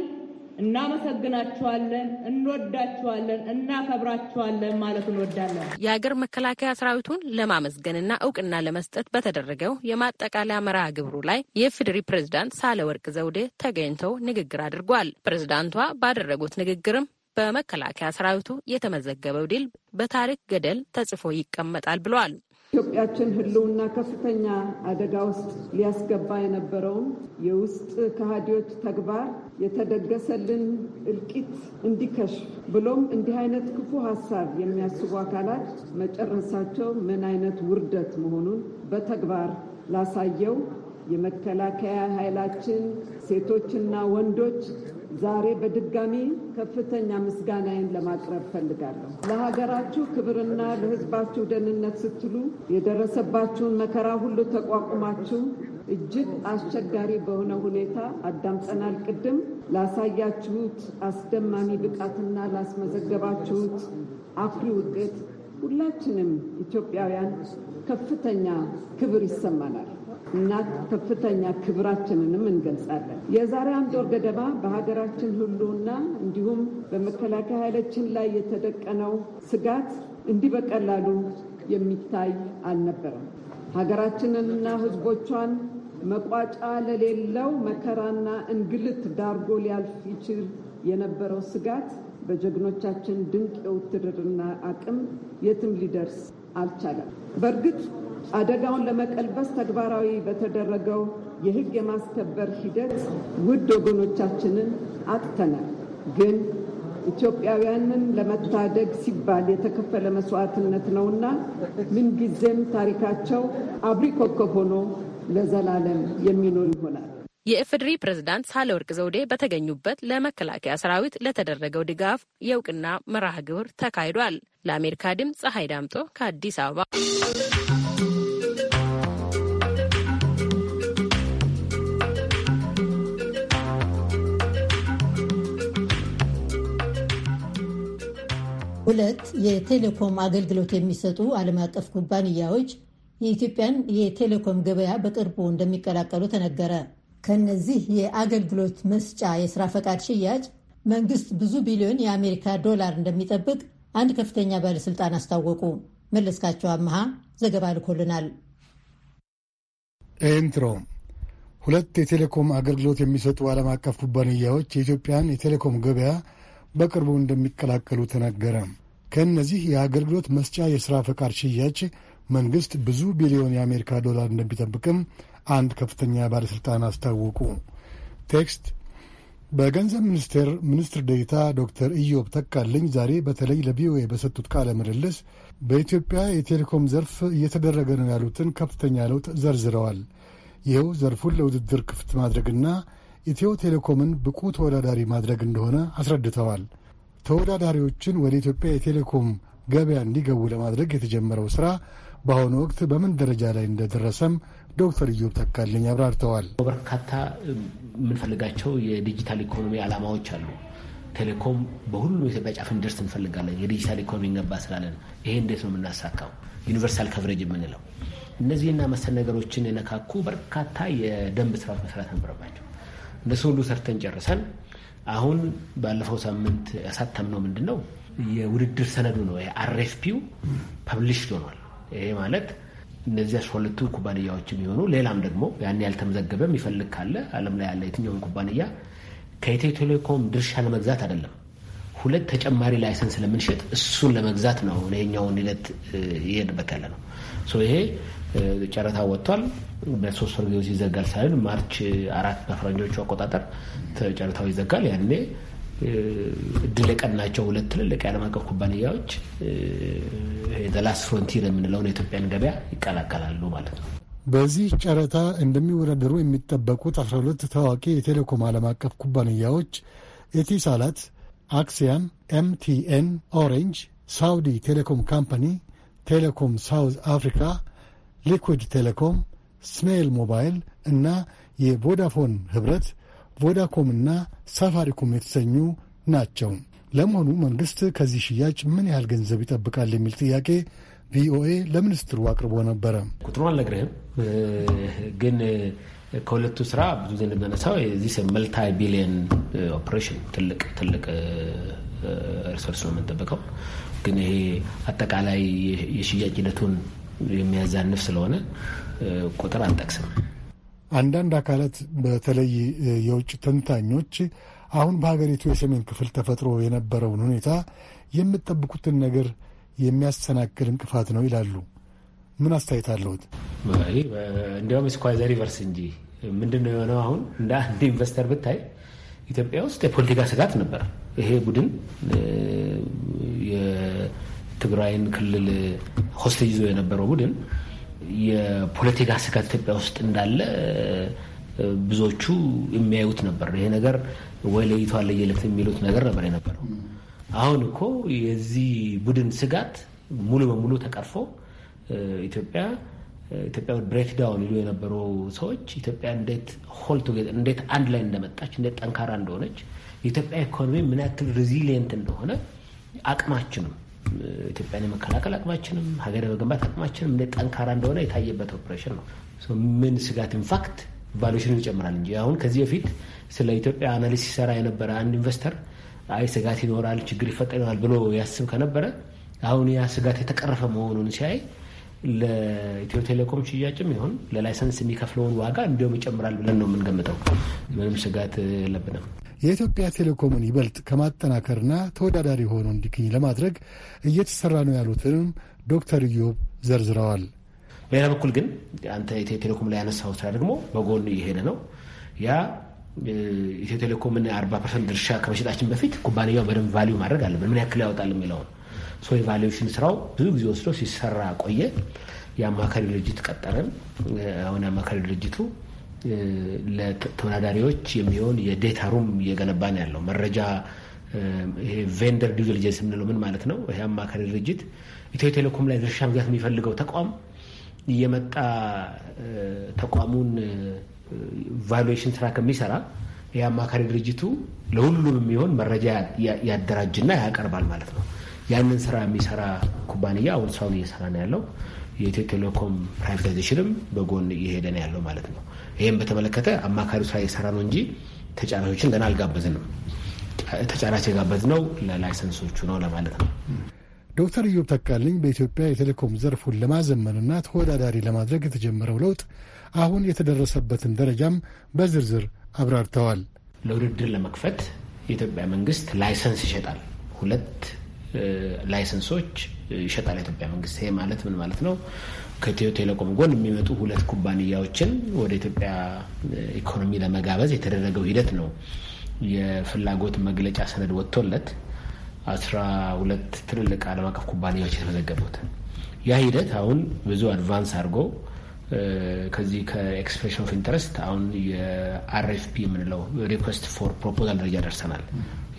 እናመሰግናችኋለን፣ እንወዳችኋለን፣ እናከብራችኋለን ማለት እንወዳለን። የሀገር መከላከያ ሰራዊቱን ለማመስገንና እውቅና ለመስጠት በተደረገው የማጠቃለያ መርሃ ግብሩ ላይ የኢፌዴሪ ፕሬዝዳንት ሳለወርቅ ዘውዴ ተገኝተው ንግግር አድርጓል። ፕሬዝዳንቷ ባደረጉት ንግግርም በመከላከያ ሰራዊቱ የተመዘገበው ድል በታሪክ ገደል ተጽፎ ይቀመጣል ብለዋል። ኢትዮጵያችን ሕልውና ከፍተኛ አደጋ ውስጥ ሊያስገባ የነበረውን የውስጥ ከሃዲዎች ተግባር የተደገሰልን እልቂት እንዲከሽ ብሎም እንዲህ አይነት ክፉ ሀሳብ የሚያስቡ አካላት መጨረሳቸው ምን አይነት ውርደት መሆኑን በተግባር ላሳየው የመከላከያ ኃይላችን ሴቶችና ወንዶች ዛሬ በድጋሚ ከፍተኛ ምስጋናዬን ለማቅረብ ፈልጋለሁ። ለሀገራችሁ ክብርና ለሕዝባችሁ ደህንነት ስትሉ የደረሰባችሁን መከራ ሁሉ ተቋቁማችሁ እጅግ አስቸጋሪ በሆነ ሁኔታ አዳምጠናል። ቅድም ላሳያችሁት አስደማሚ ብቃትና ላስመዘገባችሁት አኩሪ ውጤት ሁላችንም ኢትዮጵያውያን ከፍተኛ ክብር ይሰማናል። እና ከፍተኛ ክብራችንንም እንገልጻለን። የዛሬ አንድ ወር ገደማ በሀገራችን ሁሉና እንዲሁም በመከላከያ ኃይላችን ላይ የተደቀነው ስጋት እንዲህ በቀላሉ የሚታይ አልነበረም። ሀገራችንንና ሕዝቦቿን መቋጫ ለሌለው መከራና እንግልት ዳርጎ ሊያልፍ ይችል የነበረው ስጋት በጀግኖቻችን ድንቅ የውትድርና አቅም የትም ሊደርስ አልቻለም። በእርግጥ አደጋውን ለመቀልበስ ተግባራዊ በተደረገው የህግ የማስከበር ሂደት ውድ ወገኖቻችንን አጥተናል። ግን ኢትዮጵያውያንን ለመታደግ ሲባል የተከፈለ መስዋዕትነት ነውና ምንጊዜም ታሪካቸው አብሪ ኮከብ ሆኖ ለዘላለም የሚኖር ይሆናል። የኢፌዴሪ ፕሬዝዳንት ሳህለወርቅ ዘውዴ በተገኙበት ለመከላከያ ሰራዊት ለተደረገው ድጋፍ የእውቅና መርሃ ግብር ተካሂዷል። ለአሜሪካ ድምፅ ፀሐይ ዳምጦ ከአዲስ አበባ ሁለት የቴሌኮም አገልግሎት የሚሰጡ ዓለም አቀፍ ኩባንያዎች የኢትዮጵያን የቴሌኮም ገበያ በቅርቡ እንደሚቀላቀሉ ተነገረ። ከነዚህ የአገልግሎት መስጫ የስራ ፈቃድ ሽያጭ መንግስት ብዙ ቢሊዮን የአሜሪካ ዶላር እንደሚጠብቅ አንድ ከፍተኛ ባለስልጣን አስታወቁ። መለስካቸው አመሃ ዘገባ ልኮልናል። ኤንትሮ ሁለት የቴሌኮም አገልግሎት የሚሰጡ ዓለም አቀፍ ኩባንያዎች የኢትዮጵያን የቴሌኮም ገበያ በቅርቡ እንደሚቀላቀሉ ተናገረ። ከእነዚህ የአገልግሎት መስጫ የሥራ ፈቃድ ሽያጭ መንግሥት ብዙ ቢሊዮን የአሜሪካ ዶላር እንደሚጠብቅም አንድ ከፍተኛ ባለሥልጣን አስታወቁ። ቴክስት በገንዘብ ሚኒስቴር ሚኒስትር ዴኤታ ዶክተር ኢዮብ ተካልኝ ዛሬ በተለይ ለቪኦኤ በሰጡት ቃለ ምልልስ በኢትዮጵያ የቴሌኮም ዘርፍ እየተደረገ ነው ያሉትን ከፍተኛ ለውጥ ዘርዝረዋል። ይኸው ዘርፉን ለውድድር ክፍት ማድረግና ኢትዮ ቴሌኮምን ብቁ ተወዳዳሪ ማድረግ እንደሆነ አስረድተዋል። ተወዳዳሪዎችን ወደ ኢትዮጵያ የቴሌኮም ገበያ እንዲገቡ ለማድረግ የተጀመረው ስራ በአሁኑ ወቅት በምን ደረጃ ላይ እንደደረሰም ዶክተር ኢዮብ ተካልኝ አብራርተዋል። በርካታ የምንፈልጋቸው የዲጂታል ኢኮኖሚ ዓላማዎች አሉ። ቴሌኮም በሁሉም ኢትዮጵያ ጫፍ እንዲደርስ እንፈልጋለን። የዲጂታል ኢኮኖሚ ገባ ስላለን ይሄ እንዴት ነው የምናሳካው? ዩኒቨርሳል ከቨሬጅ የምንለው እነዚህና መሰል ነገሮችን የነካኩ በርካታ የደንብ ስራዎች መስራት ነበረባቸው። እነሱ ሁሉ ሰርተን ጨርሰን አሁን ባለፈው ሳምንት ያሳተምነው ምንድን ነው የውድድር ሰነዱ ነው። የአርኤፍፒው ፐብሊሽ ሆኗል። ይሄ ማለት እነዚህ አስራ ሁለቱ ኩባንያዎች የሚሆኑ ሌላም ደግሞ ያን ያልተመዘገበ የሚፈልግ ካለ ዓለም ላይ ያለ የትኛውን ኩባንያ ከኢትዮ ቴሌኮም ድርሻ ለመግዛት አይደለም፣ ሁለት ተጨማሪ ላይሰንስ ለምንሸጥ እሱን ለመግዛት ነው። ይሄኛውን ሂደት ይሄድበት ያለ ነው። ይሄ ጨረታ ወጥቷል። በሶስት ወር ጊዜ ይዘጋል ሳይሆን ማርች አራት በፈረንጆቹ አቆጣጠር ጨረታው ይዘጋል። ያኔ እድል የቀናቸው ሁለት ትልልቅ የዓለም አቀፍ ኩባንያዎች ላስት ፍሮንቲር የምንለውን የኢትዮጵያን ገበያ ይቀላቀላሉ ማለት ነው። በዚህ ጨረታ እንደሚወዳደሩ የሚጠበቁት 12 ታዋቂ የቴሌኮም ዓለም አቀፍ ኩባንያዎች ኤቲሳላት፣ አክሲያን፣ ኤምቲኤን፣ ኦሬንጅ፣ ሳውዲ ቴሌኮም ካምፓኒ፣ ቴሌኮም ሳውዝ አፍሪካ ሊኩድ ቴሌኮም፣ ስሜይል ሞባይል እና የቮዳፎን ኅብረት ቮዳኮም እና ሳፋሪኮም የተሰኙ ናቸው። ለመሆኑ መንግሥት ከዚህ ሽያጭ ምን ያህል ገንዘብ ይጠብቃል የሚል ጥያቄ ቪኦኤ ለሚኒስትሩ አቅርቦ ነበረ። ቁጥሩ አልነግርህም፣ ግን ከሁለቱ ስራ ብዙ ጊዜ እንደምናነሳው የዚህ መልታይ ቢሊየን ኦፕሬሽን ትልቅ ትልቅ ሪሶርስ ነው የምንጠብቀው። ግን ይሄ አጠቃላይ የሽያጭ ሂደቱን የሚያዛንፍ ስለሆነ ቁጥር አንጠቅስም። አንዳንድ አካላት በተለይ የውጭ ተንታኞች አሁን በሀገሪቱ የሰሜን ክፍል ተፈጥሮ የነበረውን ሁኔታ የምጠብቁትን ነገር የሚያሰናክል እንቅፋት ነው ይላሉ። ምን አስተያየት አለሁት? እንዲያውም ስኳዘ ሪቨርስ እንጂ ምንድን ነው የሆነው? አሁን እንደ አንድ ኢንቨስተር ብታይ ኢትዮጵያ ውስጥ የፖለቲካ ስጋት ነበር። ይሄ ቡድን ትግራይን ክልል ሆስቴጅ ይዞ የነበረው ቡድን የፖለቲካ ስጋት ኢትዮጵያ ውስጥ እንዳለ ብዙዎቹ የሚያዩት ነበር። ይሄ ነገር ወይ ለይቶ አለየለት የሚሉት ነገር ነበር የነበረው። አሁን እኮ የዚህ ቡድን ስጋት ሙሉ በሙሉ ተቀርፎ ኢትዮጵያ ኢትዮጵያ ብሬክ ዳውን ይሉ የነበሩ ሰዎች ኢትዮጵያ እንዴት ሆል ሆልቶ እንዴት አንድ ላይ እንደመጣች እንዴት ጠንካራ እንደሆነች የኢትዮጵያ ኢኮኖሚ ምን ያክል ሪዚሊየንት እንደሆነ አቅማችንም ኢትዮጵያን የመከላከል አቅማችንም ሀገር የመገንባት አቅማችንም እንደ ጠንካራ እንደሆነ የታየበት ኦፕሬሽን ነው። ምን ስጋት ኢንፋክት ቫሉሽን ይጨምራል እንጂ አሁን ከዚህ በፊት ስለ ኢትዮጵያ አናሊስ ሲሰራ የነበረ አንድ ኢንቨስተር አይ ስጋት ይኖራል፣ ችግር ይፈጠር ብሎ ያስብ ከነበረ አሁን ያ ስጋት የተቀረፈ መሆኑን ሲያይ ለኢትዮ ቴሌኮም ሽያጭም ይሁን ለላይሰንስ የሚከፍለውን ዋጋ እንዲሁም ይጨምራል ብለን ነው የምንገምጠው። ምንም ስጋት የለብንም። የኢትዮጵያ ቴሌኮምን ይበልጥ ከማጠናከርና ተወዳዳሪ ሆኖ እንዲገኝ ለማድረግ እየተሰራ ነው ያሉትንም ዶክተር ኢዮብ ዘርዝረዋል። በሌላ በኩል ግን አንተ ኢትዮ ቴሌኮም ላይ ያነሳው ስራ ደግሞ በጎን እየሄደ ነው። ያ ኢትዮ ቴሌኮምን 40 ፐርሰንት ድርሻ ከመሸጣችን በፊት ኩባንያው በደንብ ቫሊዩ ማድረግ አለብን። ምን ያክል ያወጣል የሚለውን ሰው የቫሊዩሽን ስራው ብዙ ጊዜ ወስዶ ሲሰራ ቆየ። የአማካሪ ድርጅት ቀጠረን። አሁን የአማካሪ ድርጅቱ ለተወዳዳሪዎች የሚሆን የዴታ ሩም እየገነባን ያለው መረጃ ይሄ ቬንደር ዲው ዲሊጀንስ የምንለው ምን ማለት ነው? ይሄ አማካሪ ድርጅት ኢትዮ ቴሌኮም ላይ ድርሻ መግዛት የሚፈልገው ተቋም እየመጣ ተቋሙን ቫሉዌሽን ስራ ከሚሰራ ይህ አማካሪ ድርጅቱ ለሁሉም የሚሆን መረጃ ያደራጅና ያቀርባል ማለት ነው። ያንን ስራ የሚሰራ ኩባንያ አሁን ስራውን እየሰራ ነው ያለው። የኢትዮ ቴሌኮም ፕራይቬታይዜሽንም በጎን እየሄደ ነው ያለው ማለት ነው። ይህም በተመለከተ አማካሪ ስራ የሰራ ነው እንጂ ተጫራቾችን ገና አልጋበዝንም። ተጫራች የጋበዝነው ለላይሰንሶቹ ነው ለማለት ነው። ዶክተር እዮብ ተካልኝ በኢትዮጵያ የቴሌኮም ዘርፉን ለማዘመንና ተወዳዳሪ ለማድረግ የተጀመረው ለውጥ አሁን የተደረሰበትን ደረጃም በዝርዝር አብራርተዋል። ለውድድር ለመክፈት የኢትዮጵያ መንግስት ላይሰንስ ይሸጣል። ሁለት ላይሰንሶች ይሸጣል የኢትዮጵያ መንግስት። ይሄ ማለት ምን ማለት ነው? ከኢትዮ ቴሌኮም ጎን የሚመጡ ሁለት ኩባንያዎችን ወደ ኢትዮጵያ ኢኮኖሚ ለመጋበዝ የተደረገው ሂደት ነው። የፍላጎት መግለጫ ሰነድ ወጥቶለት አስራ ሁለት ትልልቅ ዓለም አቀፍ ኩባንያዎች የተመዘገቡት ያ ሂደት አሁን ብዙ አድቫንስ አድርጎ ከዚህ ከኤክስፕሬሽን ኦፍ ኢንተረስት አሁን የአርኤፍፒ የምንለው ሪኩዌስት ፎር ፕሮፖዛል ደረጃ ደርሰናል።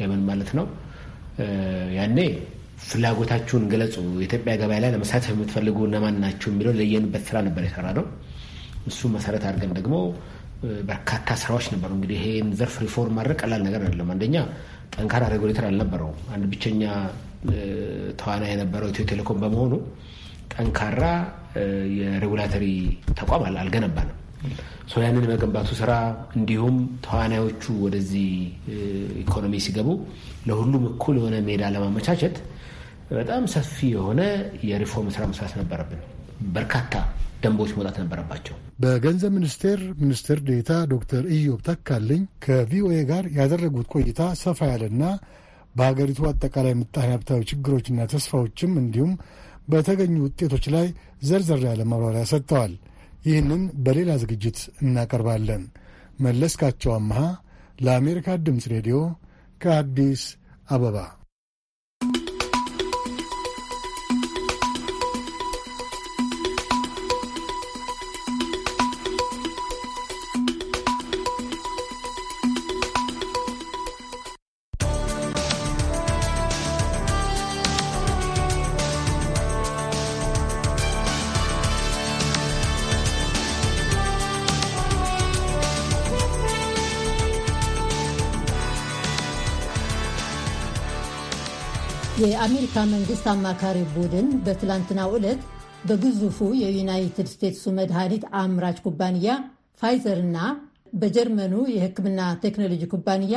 የምን ማለት ነው ያኔ ፍላጎታችሁን ገለጹ፣ ኢትዮጵያ ገበያ ላይ ለመሳተፍ የምትፈልጉ እነማን ናቸው የሚለው ለየንበት ስራ ነበር የሰራ ነው። እሱ መሰረት አድርገን ደግሞ በርካታ ስራዎች ነበሩ። እንግዲህ ይህን ዘርፍ ሪፎርም ማድረግ ቀላል ነገር አይደለም። አንደኛ ጠንካራ ሬጉሌተር አልነበረው አንድ ብቸኛ ተዋናይ የነበረው ኢትዮ ቴሌኮም በመሆኑ ጠንካራ የሬጉላተሪ ተቋም አልገነባንም። ያንን የመገንባቱ ስራ እንዲሁም ተዋናዮቹ ወደዚህ ኢኮኖሚ ሲገቡ ለሁሉም እኩል የሆነ ሜዳ ለማመቻቸት በጣም ሰፊ የሆነ የሪፎርም ስራ መስራት ነበረብን። በርካታ ደንቦች መውጣት ነበረባቸው። በገንዘብ ሚኒስቴር ሚኒስትር ዴታ ዶክተር ኢዮብ ተካልኝ ከቪኦኤ ጋር ያደረጉት ቆይታ ሰፋ ያለና በሀገሪቱ አጠቃላይ ምጣኔ ሀብታዊ ችግሮችና ተስፋዎችም እንዲሁም በተገኙ ውጤቶች ላይ ዘርዘር ያለ ማብራሪያ ሰጥተዋል። ይህንን በሌላ ዝግጅት እናቀርባለን። መለስካቸው አምሃ ለአሜሪካ ድምፅ ሬዲዮ ከአዲስ አበባ የአሜሪካ መንግስት አማካሪ ቡድን በትላንትናው ዕለት በግዙፉ የዩናይትድ ስቴትሱ መድኃኒት አምራች ኩባንያ ፋይዘር እና በጀርመኑ የሕክምና ቴክኖሎጂ ኩባንያ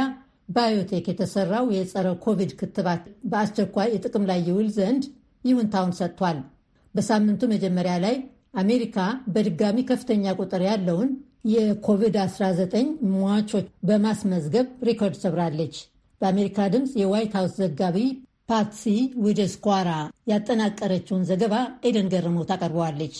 ባዮቴክ የተሰራው የጸረ ኮቪድ ክትባት በአስቸኳይ የጥቅም ላይ ይውል ዘንድ ይሁንታውን ሰጥቷል። በሳምንቱ መጀመሪያ ላይ አሜሪካ በድጋሚ ከፍተኛ ቁጥር ያለውን የኮቪድ-19 ሟቾች በማስመዝገብ ሪኮርድ ሰብራለች። በአሜሪካ ድምፅ የዋይት ሀውስ ዘጋቢ ፓትሲ ዊደስኳራ ያጠናቀረችውን ዘገባ ኤደን ገረመው ታቀርበዋለች።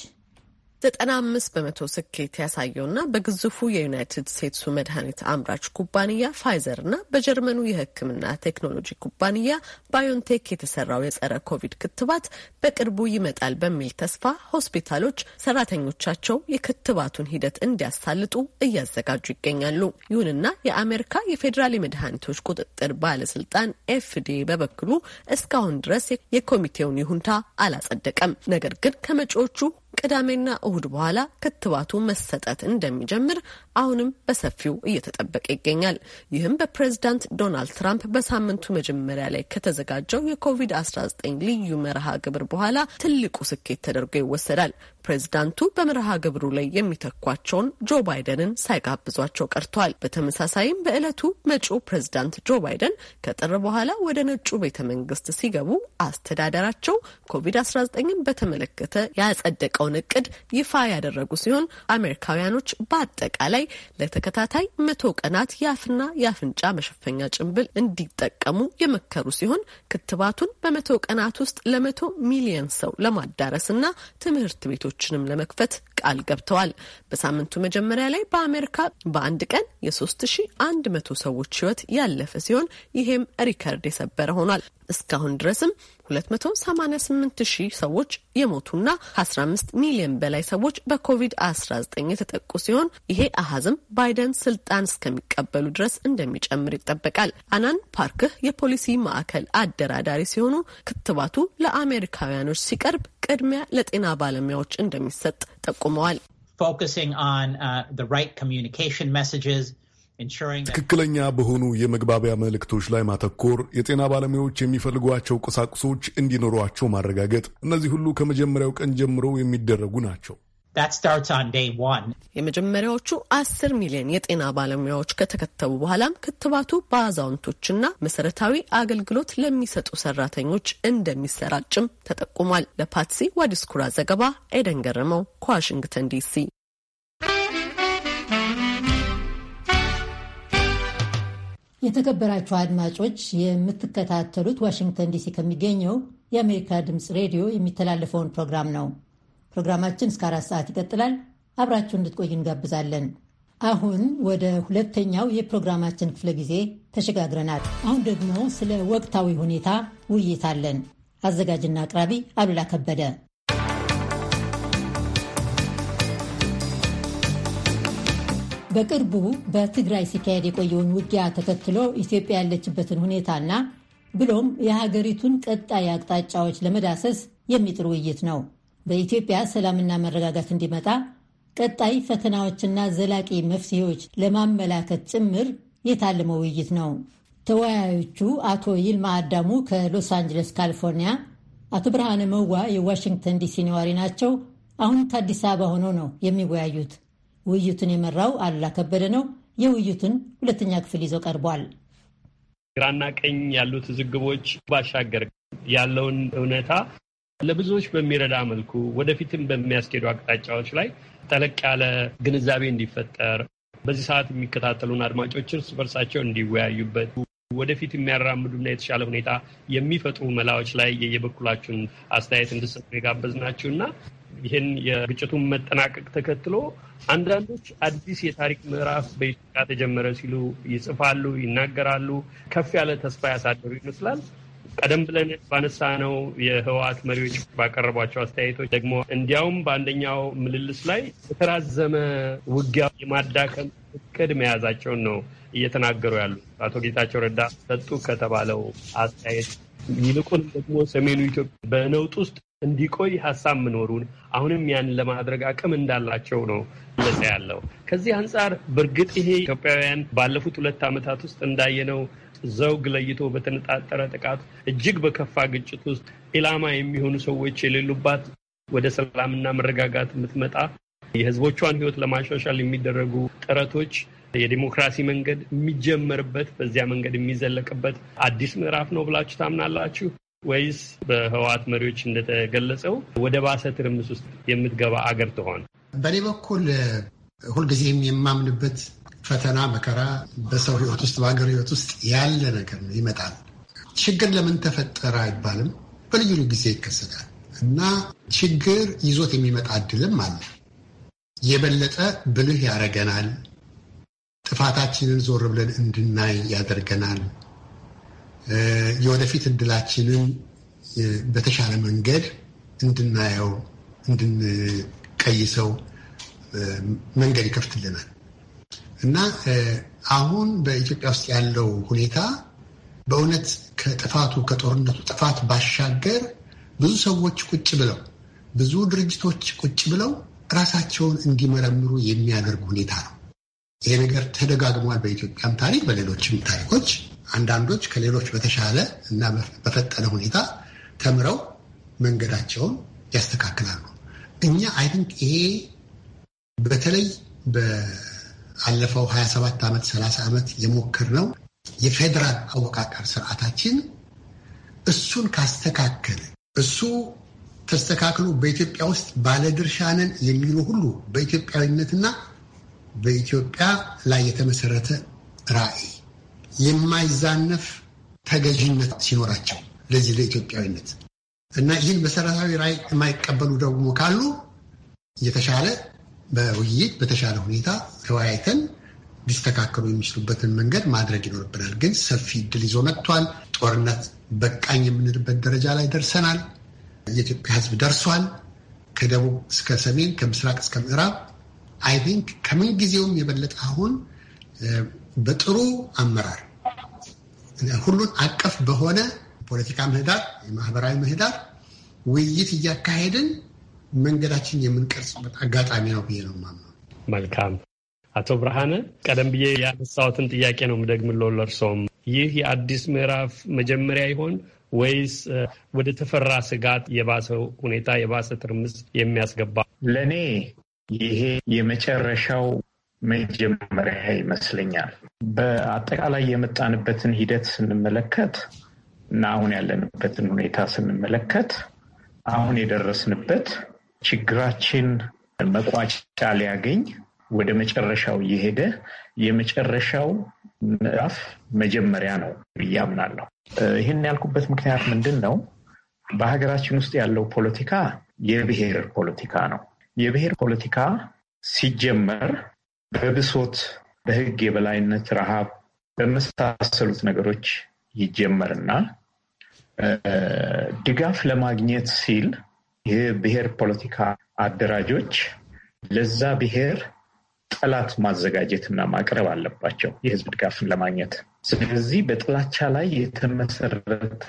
ዘጠና አምስት በመቶ ስኬት ያሳየውና በግዙፉ የዩናይትድ ስቴትሱ መድኃኒት አምራች ኩባንያ ፋይዘር እና በጀርመኑ የሕክምና ቴክኖሎጂ ኩባንያ ባዮንቴክ የተሰራው የጸረ ኮቪድ ክትባት በቅርቡ ይመጣል በሚል ተስፋ ሆስፒታሎች ሰራተኞቻቸው የክትባቱን ሂደት እንዲያሳልጡ እያዘጋጁ ይገኛሉ። ይሁንና የአሜሪካ የፌዴራል የመድኃኒቶች ቁጥጥር ባለስልጣን ኤፍዲኤ በበኩሉ እስካሁን ድረስ የኮሚቴውን ይሁንታ አላጸደቀም። ነገር ግን ከመጪዎቹ ቅዳሜና እሁድ በኋላ ክትባቱ መሰጠት እንደሚጀምር አሁንም በሰፊው እየተጠበቀ ይገኛል። ይህም በፕሬዝዳንት ዶናልድ ትራምፕ በሳምንቱ መጀመሪያ ላይ ከተዘጋጀው የኮቪድ-19 ልዩ መርሃ ግብር በኋላ ትልቁ ስኬት ተደርጎ ይወሰዳል። ፕሬዝዳንቱ በመርሃ ግብሩ ላይ የሚተኳቸውን ጆ ባይደንን ሳይጋብዟቸው ቀርቷል። በተመሳሳይም በዕለቱ መጪው ፕሬዝዳንት ጆ ባይደን ከጥር በኋላ ወደ ነጩ ቤተ መንግስት ሲገቡ አስተዳደራቸው ኮቪድ-19ን በተመለከተ ያጸደቀውን እቅድ ይፋ ያደረጉ ሲሆን አሜሪካውያኖች በአጠቃላይ ለተከታታይ መቶ ቀናት የአፍና የአፍንጫ መሸፈኛ ጭንብል እንዲጠቀሙ የመከሩ ሲሆን ክትባቱን በመቶ ቀናት ውስጥ ለመቶ ሚሊየን ሰው ለማዳረስ እና ትምህርት ቤቶች ሱቆችንም ለመክፈት ቃል ገብተዋል። በሳምንቱ መጀመሪያ ላይ በአሜሪካ በአንድ ቀን የ3100 ሰዎች ህይወት ያለፈ ሲሆን ይህም ሪከርድ የሰበረ ሆኗል። እስካሁን ድረስም 288 ሺህ ሰዎች የሞቱና ከ15 ሚሊዮን በላይ ሰዎች በኮቪድ-19 የተጠቁ ሲሆን ይሄ አሀዝም ባይደን ስልጣን እስከሚቀበሉ ድረስ እንደሚጨምር ይጠበቃል። አናን ፓርክህ የፖሊሲ ማዕከል አደራዳሪ ሲሆኑ ክትባቱ ለአሜሪካውያኖች ሲቀርብ ቅድሚያ ለጤና ባለሙያዎች እንደሚሰጥ ጠቁመዋል። ፎከሲንግ ኦን ዘ ትክክለኛ በሆኑ የመግባቢያ መልእክቶች ላይ ማተኮር፣ የጤና ባለሙያዎች የሚፈልጓቸው ቁሳቁሶች እንዲኖሯቸው ማረጋገጥ፣ እነዚህ ሁሉ ከመጀመሪያው ቀን ጀምሮ የሚደረጉ ናቸው። የመጀመሪያዎቹ አስር ሚሊዮን የጤና ባለሙያዎች ከተከተቡ በኋላም ክትባቱ በአዛውንቶችና መሰረታዊ አገልግሎት ለሚሰጡ ሰራተኞች እንደሚሰራጭም ተጠቁሟል። ለፓትሲ ዋዲስኩራ ዘገባ ኤደን ገረመው ከዋሽንግተን ዲሲ የተከበራችሁ አድማጮች የምትከታተሉት ዋሽንግተን ዲሲ ከሚገኘው የአሜሪካ ድምፅ ሬዲዮ የሚተላለፈውን ፕሮግራም ነው። ፕሮግራማችን እስከ አራት ሰዓት ይቀጥላል። አብራችሁ እንድትቆዩ እንጋብዛለን። አሁን ወደ ሁለተኛው የፕሮግራማችን ክፍለ ጊዜ ተሸጋግረናል። አሁን ደግሞ ስለ ወቅታዊ ሁኔታ ውይይታለን። አለን። አዘጋጅና አቅራቢ አሉላ ከበደ በቅርቡ በትግራይ ሲካሄድ የቆየውን ውጊያ ተከትሎ ኢትዮጵያ ያለችበትን ሁኔታና ብሎም የሀገሪቱን ቀጣይ አቅጣጫዎች ለመዳሰስ የሚጥር ውይይት ነው። በኢትዮጵያ ሰላምና መረጋጋት እንዲመጣ ቀጣይ ፈተናዎችና ዘላቂ መፍትሄዎች ለማመላከት ጭምር የታለመ ውይይት ነው። ተወያዮቹ አቶ ይልማ አዳሙ ከሎስ አንጀለስ ካሊፎርኒያ፣ አቶ ብርሃነ መዋ የዋሽንግተን ዲሲ ነዋሪ ናቸው። አሁን ከአዲስ አበባ ሆኖ ነው የሚወያዩት። ውይይቱን የመራው አሉላ ከበደ ነው። የውይይቱን ሁለተኛ ክፍል ይዞ ቀርቧል። ግራና ቀኝ ያሉት ዝግቦች ባሻገር ያለውን እውነታ ለብዙዎች በሚረዳ መልኩ ወደፊትም በሚያስኬዱ አቅጣጫዎች ላይ ጠለቅ ያለ ግንዛቤ እንዲፈጠር በዚህ ሰዓት የሚከታተሉን አድማጮች እርስ በርሳቸው እንዲወያዩበት ወደፊት የሚያራምዱና የተሻለ ሁኔታ የሚፈጥሩ መላዎች ላይ የየበኩላችሁን አስተያየት እንድሰጡ የጋበዝናችሁ እና ይህን የግጭቱን መጠናቀቅ ተከትሎ አንዳንዶች አዲስ የታሪክ ምዕራፍ በኢትዮጵያ ተጀመረ ሲሉ ይጽፋሉ፣ ይናገራሉ። ከፍ ያለ ተስፋ ያሳደሩ ይመስላል። ቀደም ብለን ባነሳ ነው የህወሓት መሪዎች ባቀረቧቸው አስተያየቶች ደግሞ እንዲያውም በአንደኛው ምልልስ ላይ የተራዘመ ውጊያ የማዳከም እቅድ መያዛቸውን ነው እየተናገሩ ያሉ አቶ ጌታቸው ረዳ ሰጡ ከተባለው አስተያየት ይልቁን ደግሞ ሰሜኑ ኢትዮጵያ በነውጥ ውስጥ እንዲቆይ ሀሳብ መኖሩን አሁንም ያን ለማድረግ አቅም እንዳላቸው ነው ለጸ ያለው። ከዚህ አንጻር በእርግጥ ይሄ ኢትዮጵያውያን ባለፉት ሁለት ዓመታት ውስጥ እንዳየነው ዘውግ ለይቶ በተነጣጠረ ጥቃት እጅግ በከፋ ግጭት ውስጥ ኢላማ የሚሆኑ ሰዎች የሌሉባት ወደ ሰላምና መረጋጋት የምትመጣ የሕዝቦቿን ሕይወት ለማሻሻል የሚደረጉ ጥረቶች የዲሞክራሲ መንገድ የሚጀመርበት በዚያ መንገድ የሚዘለቅበት አዲስ ምዕራፍ ነው ብላችሁ ታምናላችሁ? ወይስ በህወሓት መሪዎች እንደተገለጸው ወደ ባሰ ትርምስ ውስጥ የምትገባ አገር ትሆን? በእኔ በኩል ሁልጊዜም የማምንበት ፈተና፣ መከራ በሰው ህይወት ውስጥ በሀገር ህይወት ውስጥ ያለ ነገር ነው። ይመጣል። ችግር ለምን ተፈጠረ አይባልም። በልዩ ልዩ ጊዜ ይከሰታል እና ችግር ይዞት የሚመጣ እድልም አለ። የበለጠ ብልህ ያደርገናል። ጥፋታችንን ዞር ብለን እንድናይ ያደርገናል። የወደፊት እድላችንን በተሻለ መንገድ እንድናየው እንድንቀይሰው መንገድ ይከፍትልናል እና አሁን በኢትዮጵያ ውስጥ ያለው ሁኔታ በእውነት ከጥፋቱ ከጦርነቱ ጥፋት ባሻገር ብዙ ሰዎች ቁጭ ብለው ብዙ ድርጅቶች ቁጭ ብለው ራሳቸውን እንዲመረምሩ የሚያደርግ ሁኔታ ነው። ይሄ ነገር ተደጋግሟል። በኢትዮጵያም ታሪክ በሌሎችም ታሪኮች አንዳንዶች ከሌሎች በተሻለ እና በፈጠነ ሁኔታ ተምረው መንገዳቸውን ያስተካክላሉ። እኛ አይ ቲንክ ይሄ በተለይ በአለፈው 27 ዓመት 30 ዓመት ነው የፌዴራል አወቃቀር ስርዓታችን እሱን ካስተካከል እሱ ተስተካክሎ በኢትዮጵያ ውስጥ ባለድርሻ ነን የሚሉ ሁሉ በኢትዮጵያዊነትና በኢትዮጵያ ላይ የተመሰረተ ራዕይ የማይዛነፍ ተገዥነት ሲኖራቸው ለዚህ ለኢትዮጵያዊነት እና ይህን መሰረታዊ ራይ የማይቀበሉ ደግሞ ካሉ የተሻለ በውይይት በተሻለ ሁኔታ ተወያይተን ሊስተካከሉ የሚችሉበትን መንገድ ማድረግ ይኖርብናል። ግን ሰፊ እድል ይዞ መጥቷል። ጦርነት በቃኝ የምንልበት ደረጃ ላይ ደርሰናል። የኢትዮጵያ ሕዝብ ደርሷል። ከደቡብ እስከ ሰሜን፣ ከምስራቅ እስከ ምዕራብ አይ ቲንክ ከምንጊዜውም የበለጠ አሁን በጥሩ አመራር ሁሉን አቀፍ በሆነ ፖለቲካ ምህዳር፣ የማህበራዊ ምህዳር ውይይት እያካሄድን መንገዳችን የምንቀርጽበት አጋጣሚ ነው ብዬ ነው የማምነው። መልካም አቶ ብርሃነ፣ ቀደም ብዬ ያነሳሁትን ጥያቄ ነው የምደግምለው ለእርሶም። ይህ የአዲስ ምዕራፍ መጀመሪያ ይሆን ወይስ ወደ ተፈራ ስጋት የባሰ ሁኔታ የባሰ ትርምስ የሚያስገባ? ለእኔ ይሄ የመጨረሻው መጀመሪያ ይመስለኛል። በአጠቃላይ የመጣንበትን ሂደት ስንመለከት እና አሁን ያለንበትን ሁኔታ ስንመለከት አሁን የደረስንበት ችግራችን መቋጫ ሊያገኝ ወደ መጨረሻው እየሄደ የመጨረሻው ምዕራፍ መጀመሪያ ነው ብዬ አምናለሁ። ይህን ያልኩበት ምክንያት ምንድን ነው? በሀገራችን ውስጥ ያለው ፖለቲካ የብሔር ፖለቲካ ነው። የብሔር ፖለቲካ ሲጀመር በብሶት፣ በህግ የበላይነት፣ ረሃብ በመሳሰሉት ነገሮች ይጀመርና ድጋፍ ለማግኘት ሲል ይህ ብሔር ፖለቲካ አደራጆች ለዛ ብሔር ጠላት ማዘጋጀትና ማቅረብ አለባቸው የህዝብ ድጋፍን ለማግኘት። ስለዚህ በጥላቻ ላይ የተመሰረተ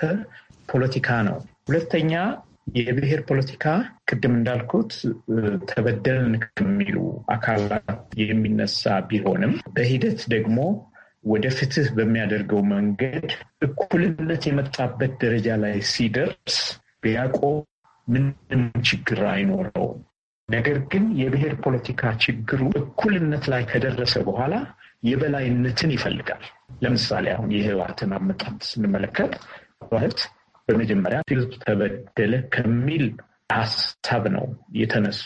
ፖለቲካ ነው። ሁለተኛ የብሔር ፖለቲካ ቅድም እንዳልኩት ተበደልን ከሚሉ አካላት የሚነሳ ቢሆንም በሂደት ደግሞ ወደ ፍትህ በሚያደርገው መንገድ እኩልነት የመጣበት ደረጃ ላይ ሲደርስ ቢያቆም ምንም ችግር አይኖረውም። ነገር ግን የብሔር ፖለቲካ ችግሩ እኩልነት ላይ ከደረሰ በኋላ የበላይነትን ይፈልጋል። ለምሳሌ አሁን የህወሓትን አመጣት ስንመለከት ህወሓት በመጀመሪያ ህዝብ ተበደለ ከሚል ሀሳብ ነው የተነሱ።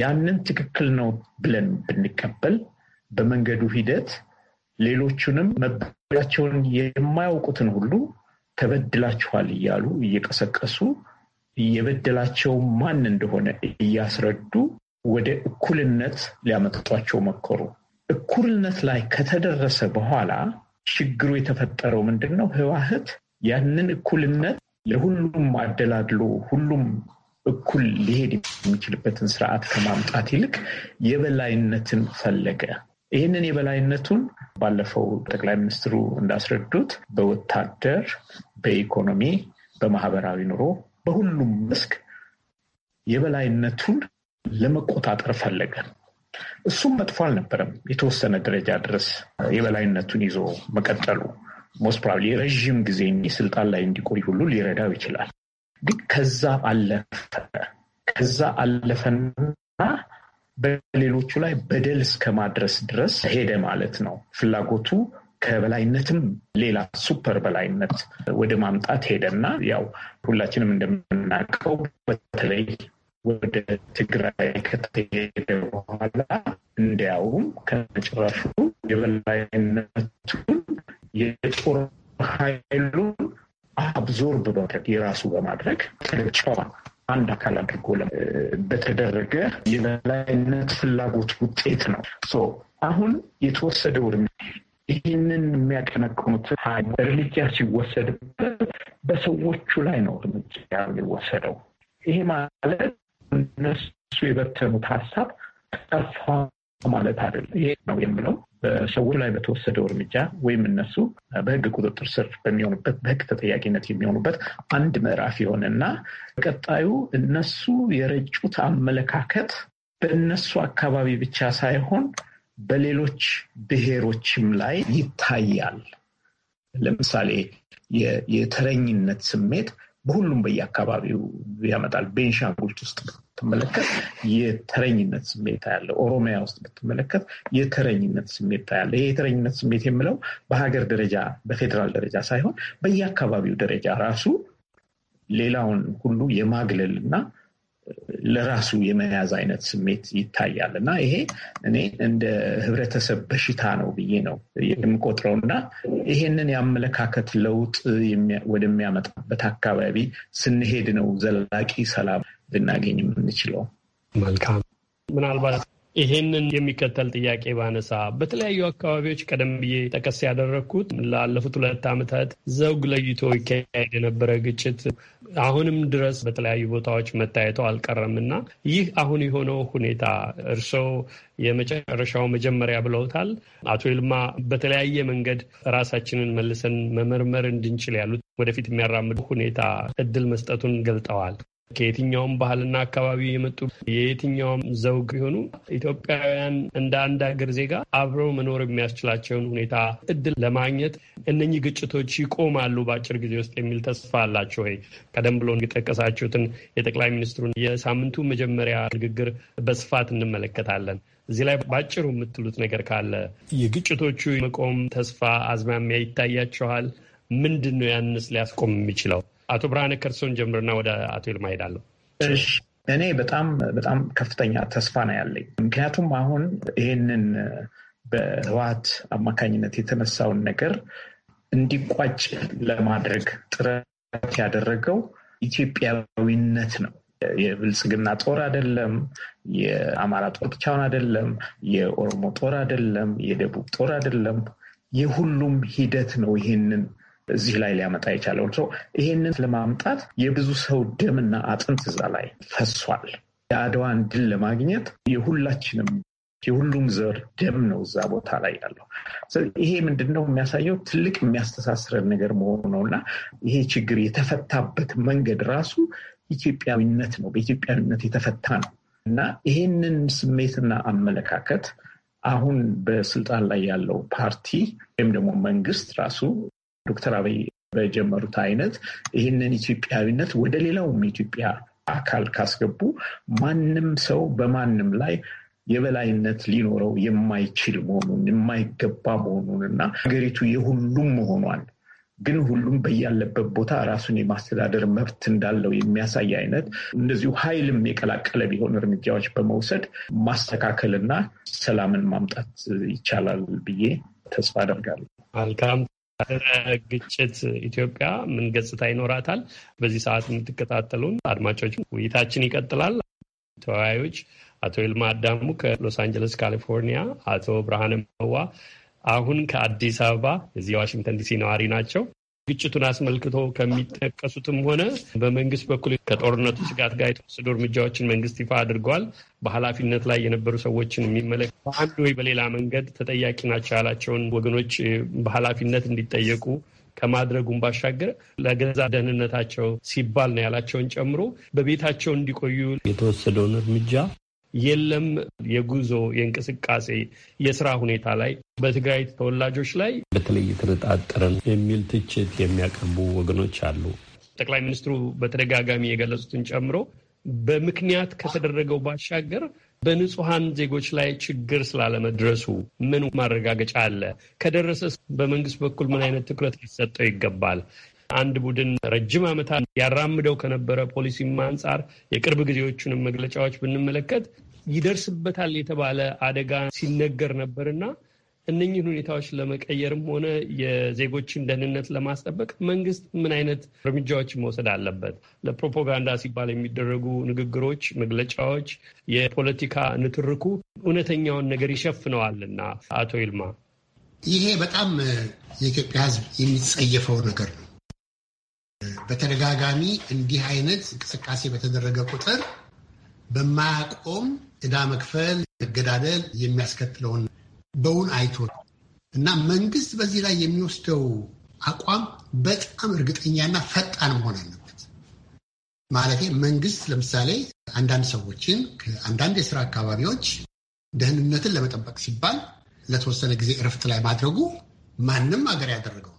ያንን ትክክል ነው ብለን ብንቀበል በመንገዱ ሂደት ሌሎቹንም መበደላቸውን የማያውቁትን ሁሉ ተበድላችኋል እያሉ እየቀሰቀሱ የበደላቸው ማን እንደሆነ እያስረዱ ወደ እኩልነት ሊያመጥጧቸው መከሩ። እኩልነት ላይ ከተደረሰ በኋላ ችግሩ የተፈጠረው ምንድን ነው? ህዋህት ያንን እኩልነት ለሁሉም አደላድሎ ሁሉም እኩል ሊሄድ የሚችልበትን ስርዓት ከማምጣት ይልቅ የበላይነትን ፈለገ። ይህንን የበላይነቱን ባለፈው ጠቅላይ ሚኒስትሩ እንዳስረዱት በወታደር፣ በኢኮኖሚ፣ በማህበራዊ ኑሮ፣ በሁሉም መስክ የበላይነቱን ለመቆጣጠር ፈለገ። እሱም መጥፎ አልነበረም። የተወሰነ ደረጃ ድረስ የበላይነቱን ይዞ መቀጠሉ ሞስት ፕሮባብሊ ረዥም ጊዜ ስልጣን ላይ እንዲቆይ ሁሉ ሊረዳው ይችላል። ግን ከዛ አለፈ ከዛ አለፈና በሌሎቹ ላይ በደል እስከ ማድረስ ድረስ ሄደ ማለት ነው። ፍላጎቱ ከበላይነትም ሌላ ሱፐር በላይነት ወደ ማምጣት ሄደና ያው ሁላችንም እንደምናውቀው በተለይ ወደ ትግራይ ከተሄደ በኋላ እንዲያውም ከመጨረሹ የበላይነቱን የጦር ኃይሉን አብዞርብ በማድረግ የራሱ በማድረግ ጨዋ አንድ አካል አድርጎ በተደረገ የበላይነት ፍላጎት ውጤት ነው። አሁን የተወሰደው እርምጃ ይህንን የሚያቀነቅኑት እርምጃ ሲወሰድበት በሰዎቹ ላይ ነው እርምጃ የሚወሰደው። ይሄ ማለት እነሱ የበተኑት ሀሳብ ጠፋ ማለት አይደለም። ይሄ ነው የምለው በሰዎች ላይ በተወሰደው እርምጃ ወይም እነሱ በህግ ቁጥጥር ስር በሚሆኑበት በህግ ተጠያቂነት የሚሆኑበት አንድ ምዕራፍ የሆነ እና በቀጣዩ እነሱ የረጩት አመለካከት በእነሱ አካባቢ ብቻ ሳይሆን በሌሎች ብሔሮችም ላይ ይታያል። ለምሳሌ የተረኝነት ስሜት በሁሉም በየአካባቢው ያመጣል። ቤንሻንጉል ውስጥ ብትመለከት የተረኝነት ስሜት ያለ፣ ኦሮሚያ ውስጥ ብትመለከት የተረኝነት ስሜት ታያለ። ይህ የተረኝነት ስሜት የምለው በሀገር ደረጃ በፌዴራል ደረጃ ሳይሆን በየአካባቢው ደረጃ ራሱ ሌላውን ሁሉ የማግለል እና ለራሱ የመያዝ አይነት ስሜት ይታያል እና ይሄ እኔ እንደ ህብረተሰብ በሽታ ነው ብዬ ነው የምቆጥረው እና ይሄንን የአመለካከት ለውጥ ወደሚያመጣበት አካባቢ ስንሄድ ነው ዘላቂ ሰላም ልናገኝ የምንችለው። መልካም ምናልባት ይሄንን የሚከተል ጥያቄ ባነሳ በተለያዩ አካባቢዎች ቀደም ብዬ ጠቀስ ያደረግኩት ላለፉት ሁለት ዓመታት ዘውግ ለይቶ ይካሄድ የነበረ ግጭት አሁንም ድረስ በተለያዩ ቦታዎች መታየቱ አልቀረም እና ይህ አሁን የሆነው ሁኔታ እርስዎ የመጨረሻው መጀመሪያ ብለውታል። አቶ ይልማ በተለያየ መንገድ ራሳችንን መልሰን መመርመር እንድንችል ያሉት ወደፊት የሚያራምዱ ሁኔታ እድል መስጠቱን ገልጠዋል። ከየትኛውም ባህልና አካባቢ የመጡ የየትኛውም ዘውግ ቢሆኑ ኢትዮጵያውያን እንደ አንድ ሀገር ዜጋ አብረው መኖር የሚያስችላቸውን ሁኔታ እድል ለማግኘት እነኚህ ግጭቶች ይቆማሉ በአጭር ጊዜ ውስጥ የሚል ተስፋ አላቸው ወይ? ቀደም ብሎ የጠቀሳችሁትን የጠቅላይ ሚኒስትሩን የሳምንቱ መጀመሪያ ንግግር በስፋት እንመለከታለን። እዚህ ላይ በአጭሩ የምትሉት ነገር ካለ የግጭቶቹ መቆም ተስፋ አዝማሚያ ይታያችኋል? ምንድን ነው ያንስ ሊያስቆም የሚችለው? አቶ ብርሃነ ከርሶን ጀምርና ወደ አቶ ይልማ ሄዳለሁ። እኔ በጣም በጣም ከፍተኛ ተስፋ ነው ያለኝ። ምክንያቱም አሁን ይህንን በህወሓት አማካኝነት የተነሳውን ነገር እንዲቋጭ ለማድረግ ጥረት ያደረገው ኢትዮጵያዊነት ነው። የብልጽግና ጦር አይደለም፣ የአማራ ጦር ብቻውን አይደለም፣ የኦሮሞ ጦር አይደለም፣ የደቡብ ጦር አይደለም። የሁሉም ሂደት ነው ይህንን እዚህ ላይ ሊያመጣ የቻለውን ሰው ይሄንን ለማምጣት የብዙ ሰው ደምና አጥንት እዛ ላይ ፈሷል። የአድዋን ድል ለማግኘት የሁላችንም የሁሉም ዘር ደም ነው እዛ ቦታ ላይ ያለው። ይሄ ምንድን ነው የሚያሳየው? ትልቅ የሚያስተሳስረን ነገር መሆኑ ነው እና ይሄ ችግር የተፈታበት መንገድ ራሱ ኢትዮጵያዊነት ነው፣ በኢትዮጵያዊነት የተፈታ ነው እና ይሄንን ስሜትና አመለካከት አሁን በስልጣን ላይ ያለው ፓርቲ ወይም ደግሞ መንግስት ራሱ ዶክተር አብይ በጀመሩት አይነት ይህንን ኢትዮጵያዊነት ወደ ሌላውም ኢትዮጵያ አካል ካስገቡ ማንም ሰው በማንም ላይ የበላይነት ሊኖረው የማይችል መሆኑን የማይገባ መሆኑን እና ሀገሪቱ የሁሉም መሆኗን ግን ሁሉም በያለበት ቦታ ራሱን የማስተዳደር መብት እንዳለው የሚያሳይ አይነት እንደዚሁ ኃይልም የቀላቀለ ቢሆን እርምጃዎች በመውሰድ ማስተካከልና ሰላምን ማምጣት ይቻላል ብዬ ተስፋ አደርጋለሁ። መልካም ግጭት ኢትዮጵያ ምን ገጽታ ይኖራታል? በዚህ ሰዓት የምትከታተሉን አድማጮች ውይይታችን ይቀጥላል። ተወያዮች አቶ ይልማ አዳሙ ከሎስ አንጀለስ ካሊፎርኒያ፣ አቶ ብርሃነ መዋ አሁን ከአዲስ አበባ እዚህ ዋሽንግተን ዲሲ ነዋሪ ናቸው። ግጭቱን አስመልክቶ ከሚጠቀሱትም ሆነ በመንግስት በኩል ከጦርነቱ ስጋት ጋር የተወሰዱ እርምጃዎችን መንግስት ይፋ አድርጓል። በኃላፊነት ላይ የነበሩ ሰዎችን የሚመለከት በአንድ ወይ በሌላ መንገድ ተጠያቂ ናቸው ያላቸውን ወገኖች በኃላፊነት እንዲጠየቁ ከማድረጉን ባሻገር ለገዛ ደህንነታቸው ሲባል ነው ያላቸውን ጨምሮ በቤታቸው እንዲቆዩ የተወሰደውን እርምጃ የለም የጉዞ የእንቅስቃሴ የስራ ሁኔታ ላይ በትግራይ ተወላጆች ላይ በተለይ የተነጣጠረን የሚል ትችት የሚያቀርቡ ወገኖች አሉ። ጠቅላይ ሚኒስትሩ በተደጋጋሚ የገለጹትን ጨምሮ በምክንያት ከተደረገው ባሻገር በንጹሐን ዜጎች ላይ ችግር ስላለመድረሱ ምን ማረጋገጫ አለ? ከደረሰ በመንግስት በኩል ምን አይነት ትኩረት ሊሰጠው ይገባል? አንድ ቡድን ረጅም ዓመታት ያራምደው ከነበረ ፖሊሲም አንጻር የቅርብ ጊዜዎቹንም መግለጫዎች ብንመለከት ይደርስበታል የተባለ አደጋ ሲነገር ነበርና እነኝህን ሁኔታዎች ለመቀየርም ሆነ የዜጎችን ደህንነት ለማስጠበቅ መንግስት ምን አይነት እርምጃዎች መውሰድ አለበት? ለፕሮፓጋንዳ ሲባል የሚደረጉ ንግግሮች፣ መግለጫዎች፣ የፖለቲካ ንትርኩ እውነተኛውን ነገር ይሸፍነዋልና አቶ ይልማ፣ ይሄ በጣም የኢትዮጵያ ሕዝብ የሚጸየፈው ነገር ነው። በተደጋጋሚ እንዲህ አይነት እንቅስቃሴ በተደረገ ቁጥር በማያቆም እዳ መክፈል፣ መገዳደል የሚያስከትለውን በውን አይቶ እና መንግስት በዚህ ላይ የሚወስደው አቋም በጣም እርግጠኛና ፈጣን መሆን አለበት። ማለት መንግስት ለምሳሌ አንዳንድ ሰዎችን ከአንዳንድ የስራ አካባቢዎች ደህንነትን ለመጠበቅ ሲባል ለተወሰነ ጊዜ እረፍት ላይ ማድረጉ ማንም ሀገር ያደረገው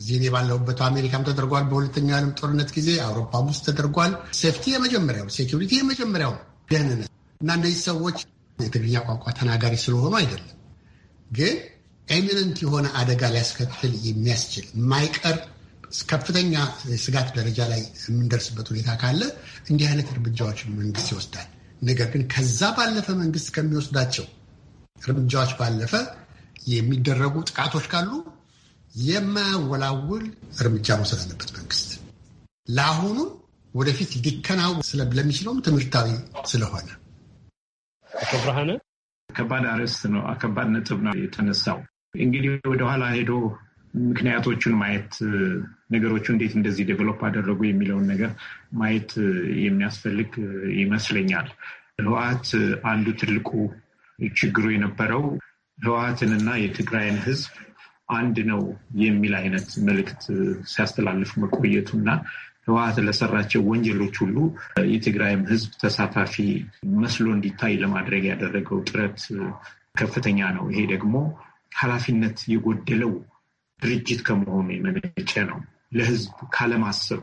እዚህ እኔ ባለሁበት አሜሪካም ተደርጓል። በሁለተኛው ዓለም ጦርነት ጊዜ አውሮፓም ውስጥ ተደርጓል። ሴፍቲ የመጀመሪያው፣ ሴኪሪቲ የመጀመሪያው ደህንነት እና እነዚህ ሰዎች የትግርኛ ቋንቋ ተናጋሪ ስለሆኑ አይደለም፣ ግን ኤሚነንት የሆነ አደጋ ሊያስከትል የሚያስችል የማይቀር ከፍተኛ ስጋት ደረጃ ላይ የምንደርስበት ሁኔታ ካለ እንዲህ አይነት እርምጃዎች መንግስት ይወስዳል። ነገር ግን ከዛ ባለፈ መንግስት ከሚወስዳቸው እርምጃዎች ባለፈ የሚደረጉ ጥቃቶች ካሉ የማያወላውል እርምጃ መውሰድ አለበት መንግስት ለአሁኑ ወደፊት ሊከናወን ስለሚችለውም ትምህርታዊ ስለሆነ አቶ ብርሃነ ከባድ አርዕስት ነው። ከባድ ነጥብ ነው የተነሳው። እንግዲህ ወደኋላ ሄዶ ምክንያቶቹን ማየት ነገሮቹ እንዴት እንደዚህ ዴቨሎፕ አደረጉ የሚለውን ነገር ማየት የሚያስፈልግ ይመስለኛል። ህወሀት አንዱ ትልቁ ችግሩ የነበረው ህወሀትንና የትግራይን ህዝብ አንድ ነው የሚል አይነት መልእክት ሲያስተላልፍ መቆየቱ እና ህወሀት ለሰራቸው ወንጀሎች ሁሉ የትግራይም ህዝብ ተሳታፊ መስሎ እንዲታይ ለማድረግ ያደረገው ጥረት ከፍተኛ ነው። ይሄ ደግሞ ኃላፊነት የጎደለው ድርጅት ከመሆኑ የመነጨ ነው። ለህዝብ ካለማሰብ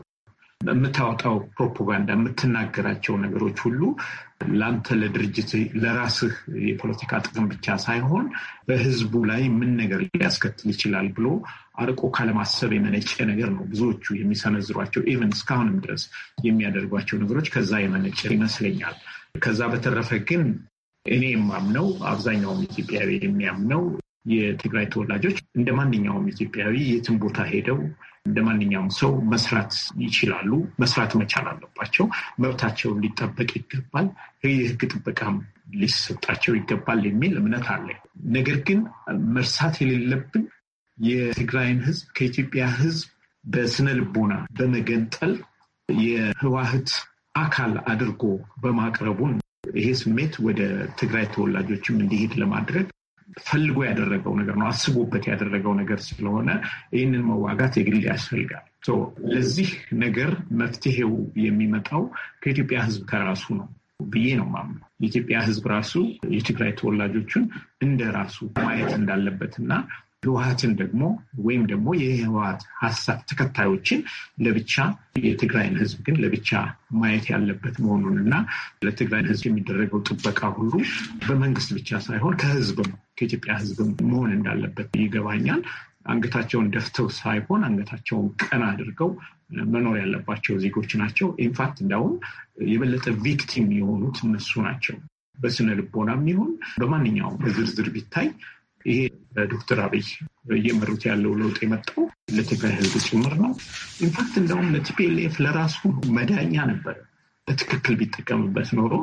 የምታወጣው ፕሮፓጋንዳ፣ የምትናገራቸው ነገሮች ሁሉ ለአንተ ለድርጅት ለራስህ የፖለቲካ ጥቅም ብቻ ሳይሆን በህዝቡ ላይ ምን ነገር ሊያስከትል ይችላል ብሎ አርቆ ካለማሰብ የመነጨ ነገር ነው። ብዙዎቹ የሚሰነዝሯቸው ኢቨን እስካሁንም ድረስ የሚያደርጓቸው ነገሮች ከዛ የመነጨ ይመስለኛል። ከዛ በተረፈ ግን እኔ የማምነው አብዛኛውም ኢትዮጵያዊ የሚያምነው የትግራይ ተወላጆች እንደ ማንኛውም ኢትዮጵያዊ የትም ቦታ ሄደው እንደ ማንኛውም ሰው መስራት ይችላሉ። መስራት መቻል አለባቸው። መብታቸው ሊጠበቅ ይገባል። የህግ ጥበቃም ሊሰጣቸው ይገባል የሚል እምነት አለ። ነገር ግን መርሳት የሌለብን የትግራይን ህዝብ ከኢትዮጵያ ህዝብ በስነ ልቦና በመገንጠል የህዋህት አካል አድርጎ በማቅረቡን ይሄ ስሜት ወደ ትግራይ ተወላጆችም እንዲሄድ ለማድረግ ፈልጎ ያደረገው ነገር ነው፣ አስቦበት ያደረገው ነገር ስለሆነ ይህንን መዋጋት የግድ ያስፈልጋል። ለዚህ ነገር መፍትሄው የሚመጣው ከኢትዮጵያ ሕዝብ ከራሱ ነው ብዬ ነው የማምነው። የኢትዮጵያ ሕዝብ ራሱ የትግራይ ተወላጆችን እንደ ራሱ ማየት እንዳለበት እና ህወሀትን ደግሞ ወይም ደግሞ የህወሀት ሀሳብ ተከታዮችን ለብቻ የትግራይን ህዝብ ግን ለብቻ ማየት ያለበት መሆኑን እና ለትግራይን ህዝብ የሚደረገው ጥበቃ ሁሉ በመንግስት ብቻ ሳይሆን ከህዝብም ከኢትዮጵያ ህዝብም መሆን እንዳለበት ይገባኛል። አንገታቸውን ደፍተው ሳይሆን አንገታቸውን ቀና አድርገው መኖር ያለባቸው ዜጎች ናቸው። ኢንፋክት እንዳውም የበለጠ ቪክቲም የሆኑት እነሱ ናቸው። በስነ ልቦናም ይሁን በማንኛውም ዝርዝር ቢታይ ይሄ ዶክተር አብይ እየመሩት ያለው ለውጥ የመጣው ለትግራይ ህዝብ ጭምር ነው። ኢንፋክት እንደውም ለቲፒኤልኤፍ ለራሱ መዳኛ ነበረ። በትክክል ቢጠቀምበት ኖሮ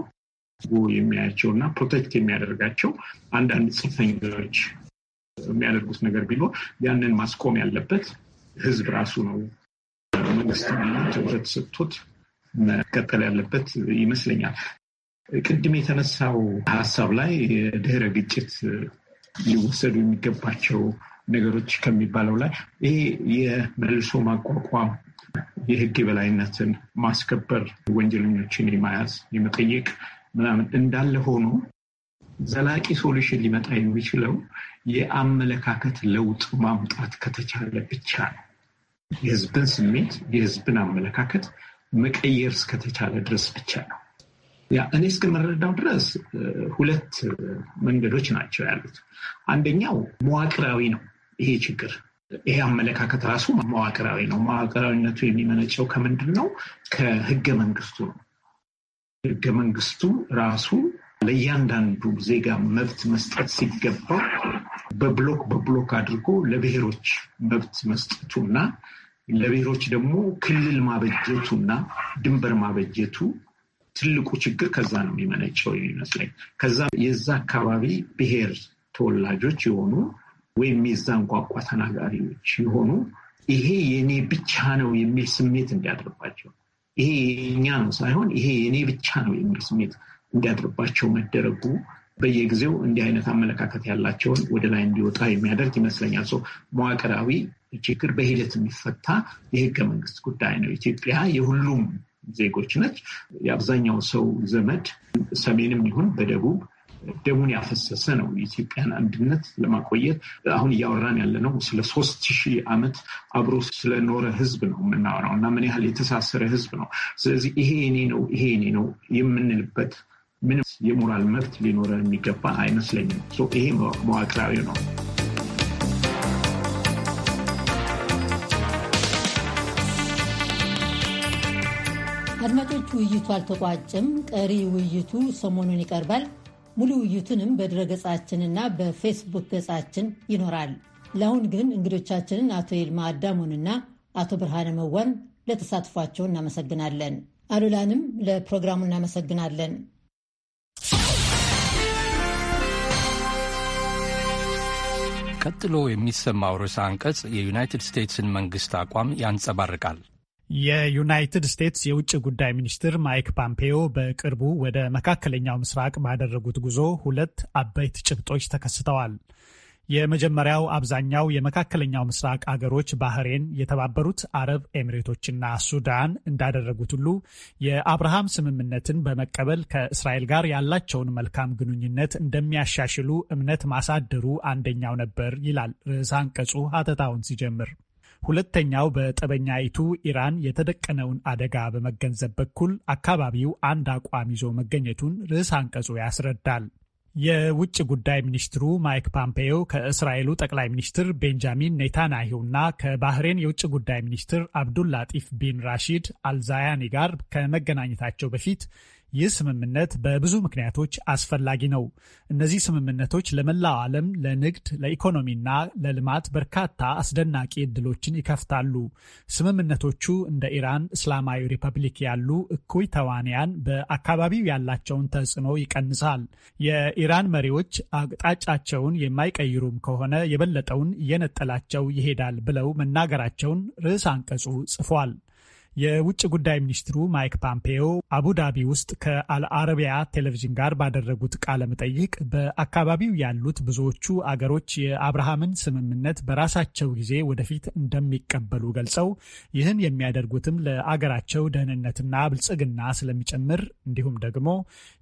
የሚያያቸው እና ፕሮቴክት የሚያደርጋቸው አንዳንድ ጽንፈኞች የሚያደርጉት ነገር ቢኖር ያንን ማስቆም ያለበት ህዝብ ራሱ ነው። መንግስትና ትኩረት ሰጥቶት መቀጠል ያለበት ይመስለኛል። ቅድም የተነሳው ሀሳብ ላይ የድህረ ግጭት ሊወሰዱ የሚገባቸው ነገሮች ከሚባለው ላይ ይሄ የመልሶ ማቋቋም የህግ የበላይነትን ማስከበር፣ ወንጀለኞችን የማያዝ የመጠየቅ ምናምን እንዳለ ሆኖ ዘላቂ ሶሉሽን ሊመጣ የሚችለው የአመለካከት ለውጥ ማምጣት ከተቻለ ብቻ ነው። የህዝብን ስሜት፣ የህዝብን አመለካከት መቀየር እስከተቻለ ድረስ ብቻ ነው። ያ እኔ እስከምረዳው ድረስ ሁለት መንገዶች ናቸው ያሉት። አንደኛው መዋቅራዊ ነው ይሄ ችግር ይሄ አመለካከት ራሱ መዋቅራዊ ነው። መዋቅራዊነቱ የሚመነጨው ከምንድን ነው? ከህገ መንግስቱ ነው። ህገ መንግስቱ ራሱ ለእያንዳንዱ ዜጋ መብት መስጠት ሲገባው በብሎክ በብሎክ አድርጎ ለብሔሮች መብት መስጠቱ እና ለብሔሮች ደግሞ ክልል ማበጀቱ እና ድንበር ማበጀቱ ትልቁ ችግር ከዛ ነው የሚመነጨው የሚመስለኝ። ከዛ የዛ አካባቢ ብሔር ተወላጆች የሆኑ ወይም የዛን ቋንቋ ተናጋሪዎች የሆኑ ይሄ የኔ ብቻ ነው የሚል ስሜት እንዲያድርባቸው ይሄ የኛ ነው ሳይሆን ይሄ የኔ ብቻ ነው የሚል ስሜት እንዲያድርባቸው መደረጉ በየጊዜው እንዲህ አይነት አመለካከት ያላቸውን ወደ ላይ እንዲወጣ የሚያደርግ ይመስለኛል። ሰው መዋቅራዊ ችግር በሂደት የሚፈታ የህገ መንግስት ጉዳይ ነው። ኢትዮጵያ የሁሉም ዜጎች ነች። የአብዛኛው ሰው ዘመድ ሰሜንም ይሁን በደቡብ ደሙን ያፈሰሰ ነው። የኢትዮጵያን አንድነት ለማቆየት አሁን እያወራን ያለ ነው። ስለ ሶስት ሺህ ዓመት አብሮ ስለኖረ ህዝብ ነው የምናወራው እና ምን ያህል የተሳሰረ ህዝብ ነው። ስለዚህ ይሄ እኔ ነው ይሄ እኔ ነው የምንልበት ምንም የሞራል መብት ሊኖረ የሚገባ አይመስለኝም። ይሄ መዋቅራዊ ነው። አድማጮች፣ ውይይቱ አልተቋጭም። ቀሪ ውይይቱ ሰሞኑን ይቀርባል። ሙሉ ውይይቱንም በድረገጻችንና በፌስቡክ ገጻችን ይኖራል። ለአሁን ግን እንግዶቻችንን አቶ ይልማ አዳሙንና አቶ ብርሃነ መዋን ለተሳትፏቸው እናመሰግናለን። አሉላንም ለፕሮግራሙ እናመሰግናለን። ቀጥሎ የሚሰማው ርዕሰ አንቀጽ የዩናይትድ ስቴትስን መንግስት አቋም ያንጸባርቃል። የዩናይትድ ስቴትስ የውጭ ጉዳይ ሚኒስትር ማይክ ፓምፔዮ በቅርቡ ወደ መካከለኛው ምስራቅ ባደረጉት ጉዞ ሁለት አበይት ጭብጦች ተከስተዋል። የመጀመሪያው አብዛኛው የመካከለኛው ምስራቅ አገሮች ባህሬን፣ የተባበሩት አረብ ኤሚሬቶችና ሱዳን እንዳደረጉት ሁሉ የአብርሃም ስምምነትን በመቀበል ከእስራኤል ጋር ያላቸውን መልካም ግንኙነት እንደሚያሻሽሉ እምነት ማሳደሩ አንደኛው ነበር ይላል ርዕሰ አንቀጹ ሀተታውን ሲጀምር ሁለተኛው በጠበኛይቱ ኢራን የተደቀነውን አደጋ በመገንዘብ በኩል አካባቢው አንድ አቋም ይዞ መገኘቱን ርዕስ አንቀጹ ያስረዳል። የውጭ ጉዳይ ሚኒስትሩ ማይክ ፖምፔዮ ከእስራኤሉ ጠቅላይ ሚኒስትር ቤንጃሚን እና ከባህሬን የውጭ ጉዳይ ሚኒስትር አብዱል ላጢፍ ቢን ራሺድ አልዛያኒ ጋር ከመገናኘታቸው በፊት ይህ ስምምነት በብዙ ምክንያቶች አስፈላጊ ነው። እነዚህ ስምምነቶች ለመላው ዓለም ለንግድ፣ ለኢኮኖሚና ለልማት በርካታ አስደናቂ እድሎችን ይከፍታሉ። ስምምነቶቹ እንደ ኢራን እስላማዊ ሪፐብሊክ ያሉ እኩይ ተዋንያን በአካባቢው ያላቸውን ተጽዕኖ ይቀንሳል። የኢራን መሪዎች አቅጣጫቸውን የማይቀይሩም ከሆነ የበለጠውን እየነጠላቸው ይሄዳል ብለው መናገራቸውን ርዕስ አንቀጹ ጽፏል። የውጭ ጉዳይ ሚኒስትሩ ማይክ ፓምፔዮ አቡዳቢ ውስጥ ከአልአረቢያ ቴሌቪዥን ጋር ባደረጉት ቃለ መጠይቅ በአካባቢው ያሉት ብዙዎቹ አገሮች የአብርሃምን ስምምነት በራሳቸው ጊዜ ወደፊት እንደሚቀበሉ ገልጸው ይህን የሚያደርጉትም ለአገራቸው ደህንነትና ብልጽግና ስለሚጨምር እንዲሁም ደግሞ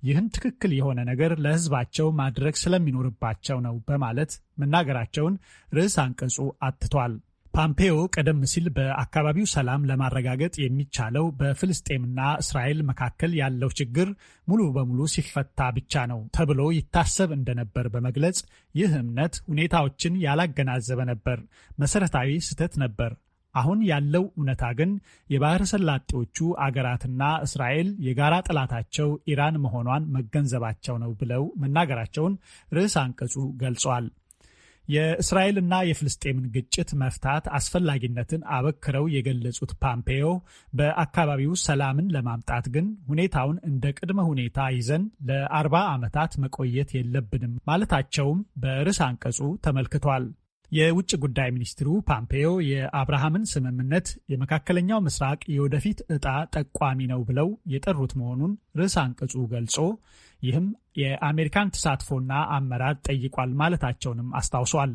ይህን ትክክል የሆነ ነገር ለሕዝባቸው ማድረግ ስለሚኖርባቸው ነው በማለት መናገራቸውን ርዕስ አንቀጹ አትቷል። ፓምፔዮ ቀደም ሲል በአካባቢው ሰላም ለማረጋገጥ የሚቻለው በፍልስጤምና እስራኤል መካከል ያለው ችግር ሙሉ በሙሉ ሲፈታ ብቻ ነው ተብሎ ይታሰብ እንደነበር በመግለጽ ይህ እምነት ሁኔታዎችን ያላገናዘበ ነበር፣ መሰረታዊ ስህተት ነበር። አሁን ያለው እውነታ ግን የባህረ ሰላጤዎቹ አገራትና እስራኤል የጋራ ጠላታቸው ኢራን መሆኗን መገንዘባቸው ነው ብለው መናገራቸውን ርዕስ አንቀጹ ገልጿል። የእስራኤልና የፍልስጤምን ግጭት መፍታት አስፈላጊነትን አበክረው የገለጹት ፓምፔዮ በአካባቢው ሰላምን ለማምጣት ግን ሁኔታውን እንደ ቅድመ ሁኔታ ይዘን ለአርባ ዓመታት መቆየት የለብንም ማለታቸውም በርዕስ አንቀጹ ተመልክቷል። የውጭ ጉዳይ ሚኒስትሩ ፓምፔዮ የአብርሃምን ስምምነት የመካከለኛው ምስራቅ የወደፊት ዕጣ ጠቋሚ ነው ብለው የጠሩት መሆኑን ርዕስ አንቀጹ ገልጾ ይህም የአሜሪካን ተሳትፎና አመራር ጠይቋል ማለታቸውንም አስታውሷል።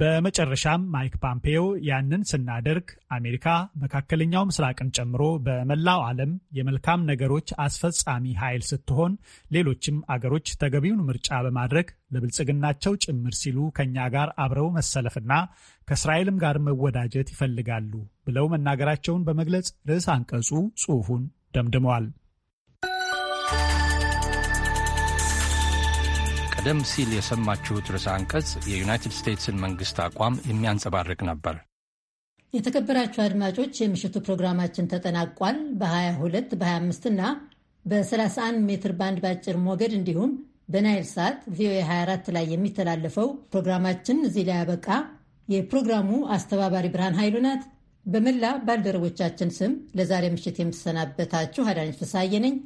በመጨረሻም ማይክ ፓምፔዮ ያንን ስናደርግ አሜሪካ መካከለኛው ምስራቅን ጨምሮ በመላው ዓለም የመልካም ነገሮች አስፈጻሚ ኃይል ስትሆን፣ ሌሎችም አገሮች ተገቢውን ምርጫ በማድረግ ለብልጽግናቸው ጭምር ሲሉ ከእኛ ጋር አብረው መሰለፍና ከእስራኤልም ጋር መወዳጀት ይፈልጋሉ ብለው መናገራቸውን በመግለጽ ርዕስ አንቀጹ ጽሑፉን ደምድመዋል። ቀደም ሲል የሰማችሁት ርዕሰ አንቀጽ የዩናይትድ ስቴትስን መንግስት አቋም የሚያንጸባርቅ ነበር። የተከበራችሁ አድማጮች የምሽቱ ፕሮግራማችን ተጠናቋል። በ22 በ25 እና በ31 ሜትር ባንድ ባጭር ሞገድ እንዲሁም በናይል ሳት ቪኦኤ 24 ላይ የሚተላለፈው ፕሮግራማችን እዚህ ላይ ያበቃ። የፕሮግራሙ አስተባባሪ ብርሃን ኃይሉ ናት። በመላ ባልደረቦቻችን ስም ለዛሬ ምሽት የምሰናበታችሁ አዳነች ፍስሐዬ ነኝ።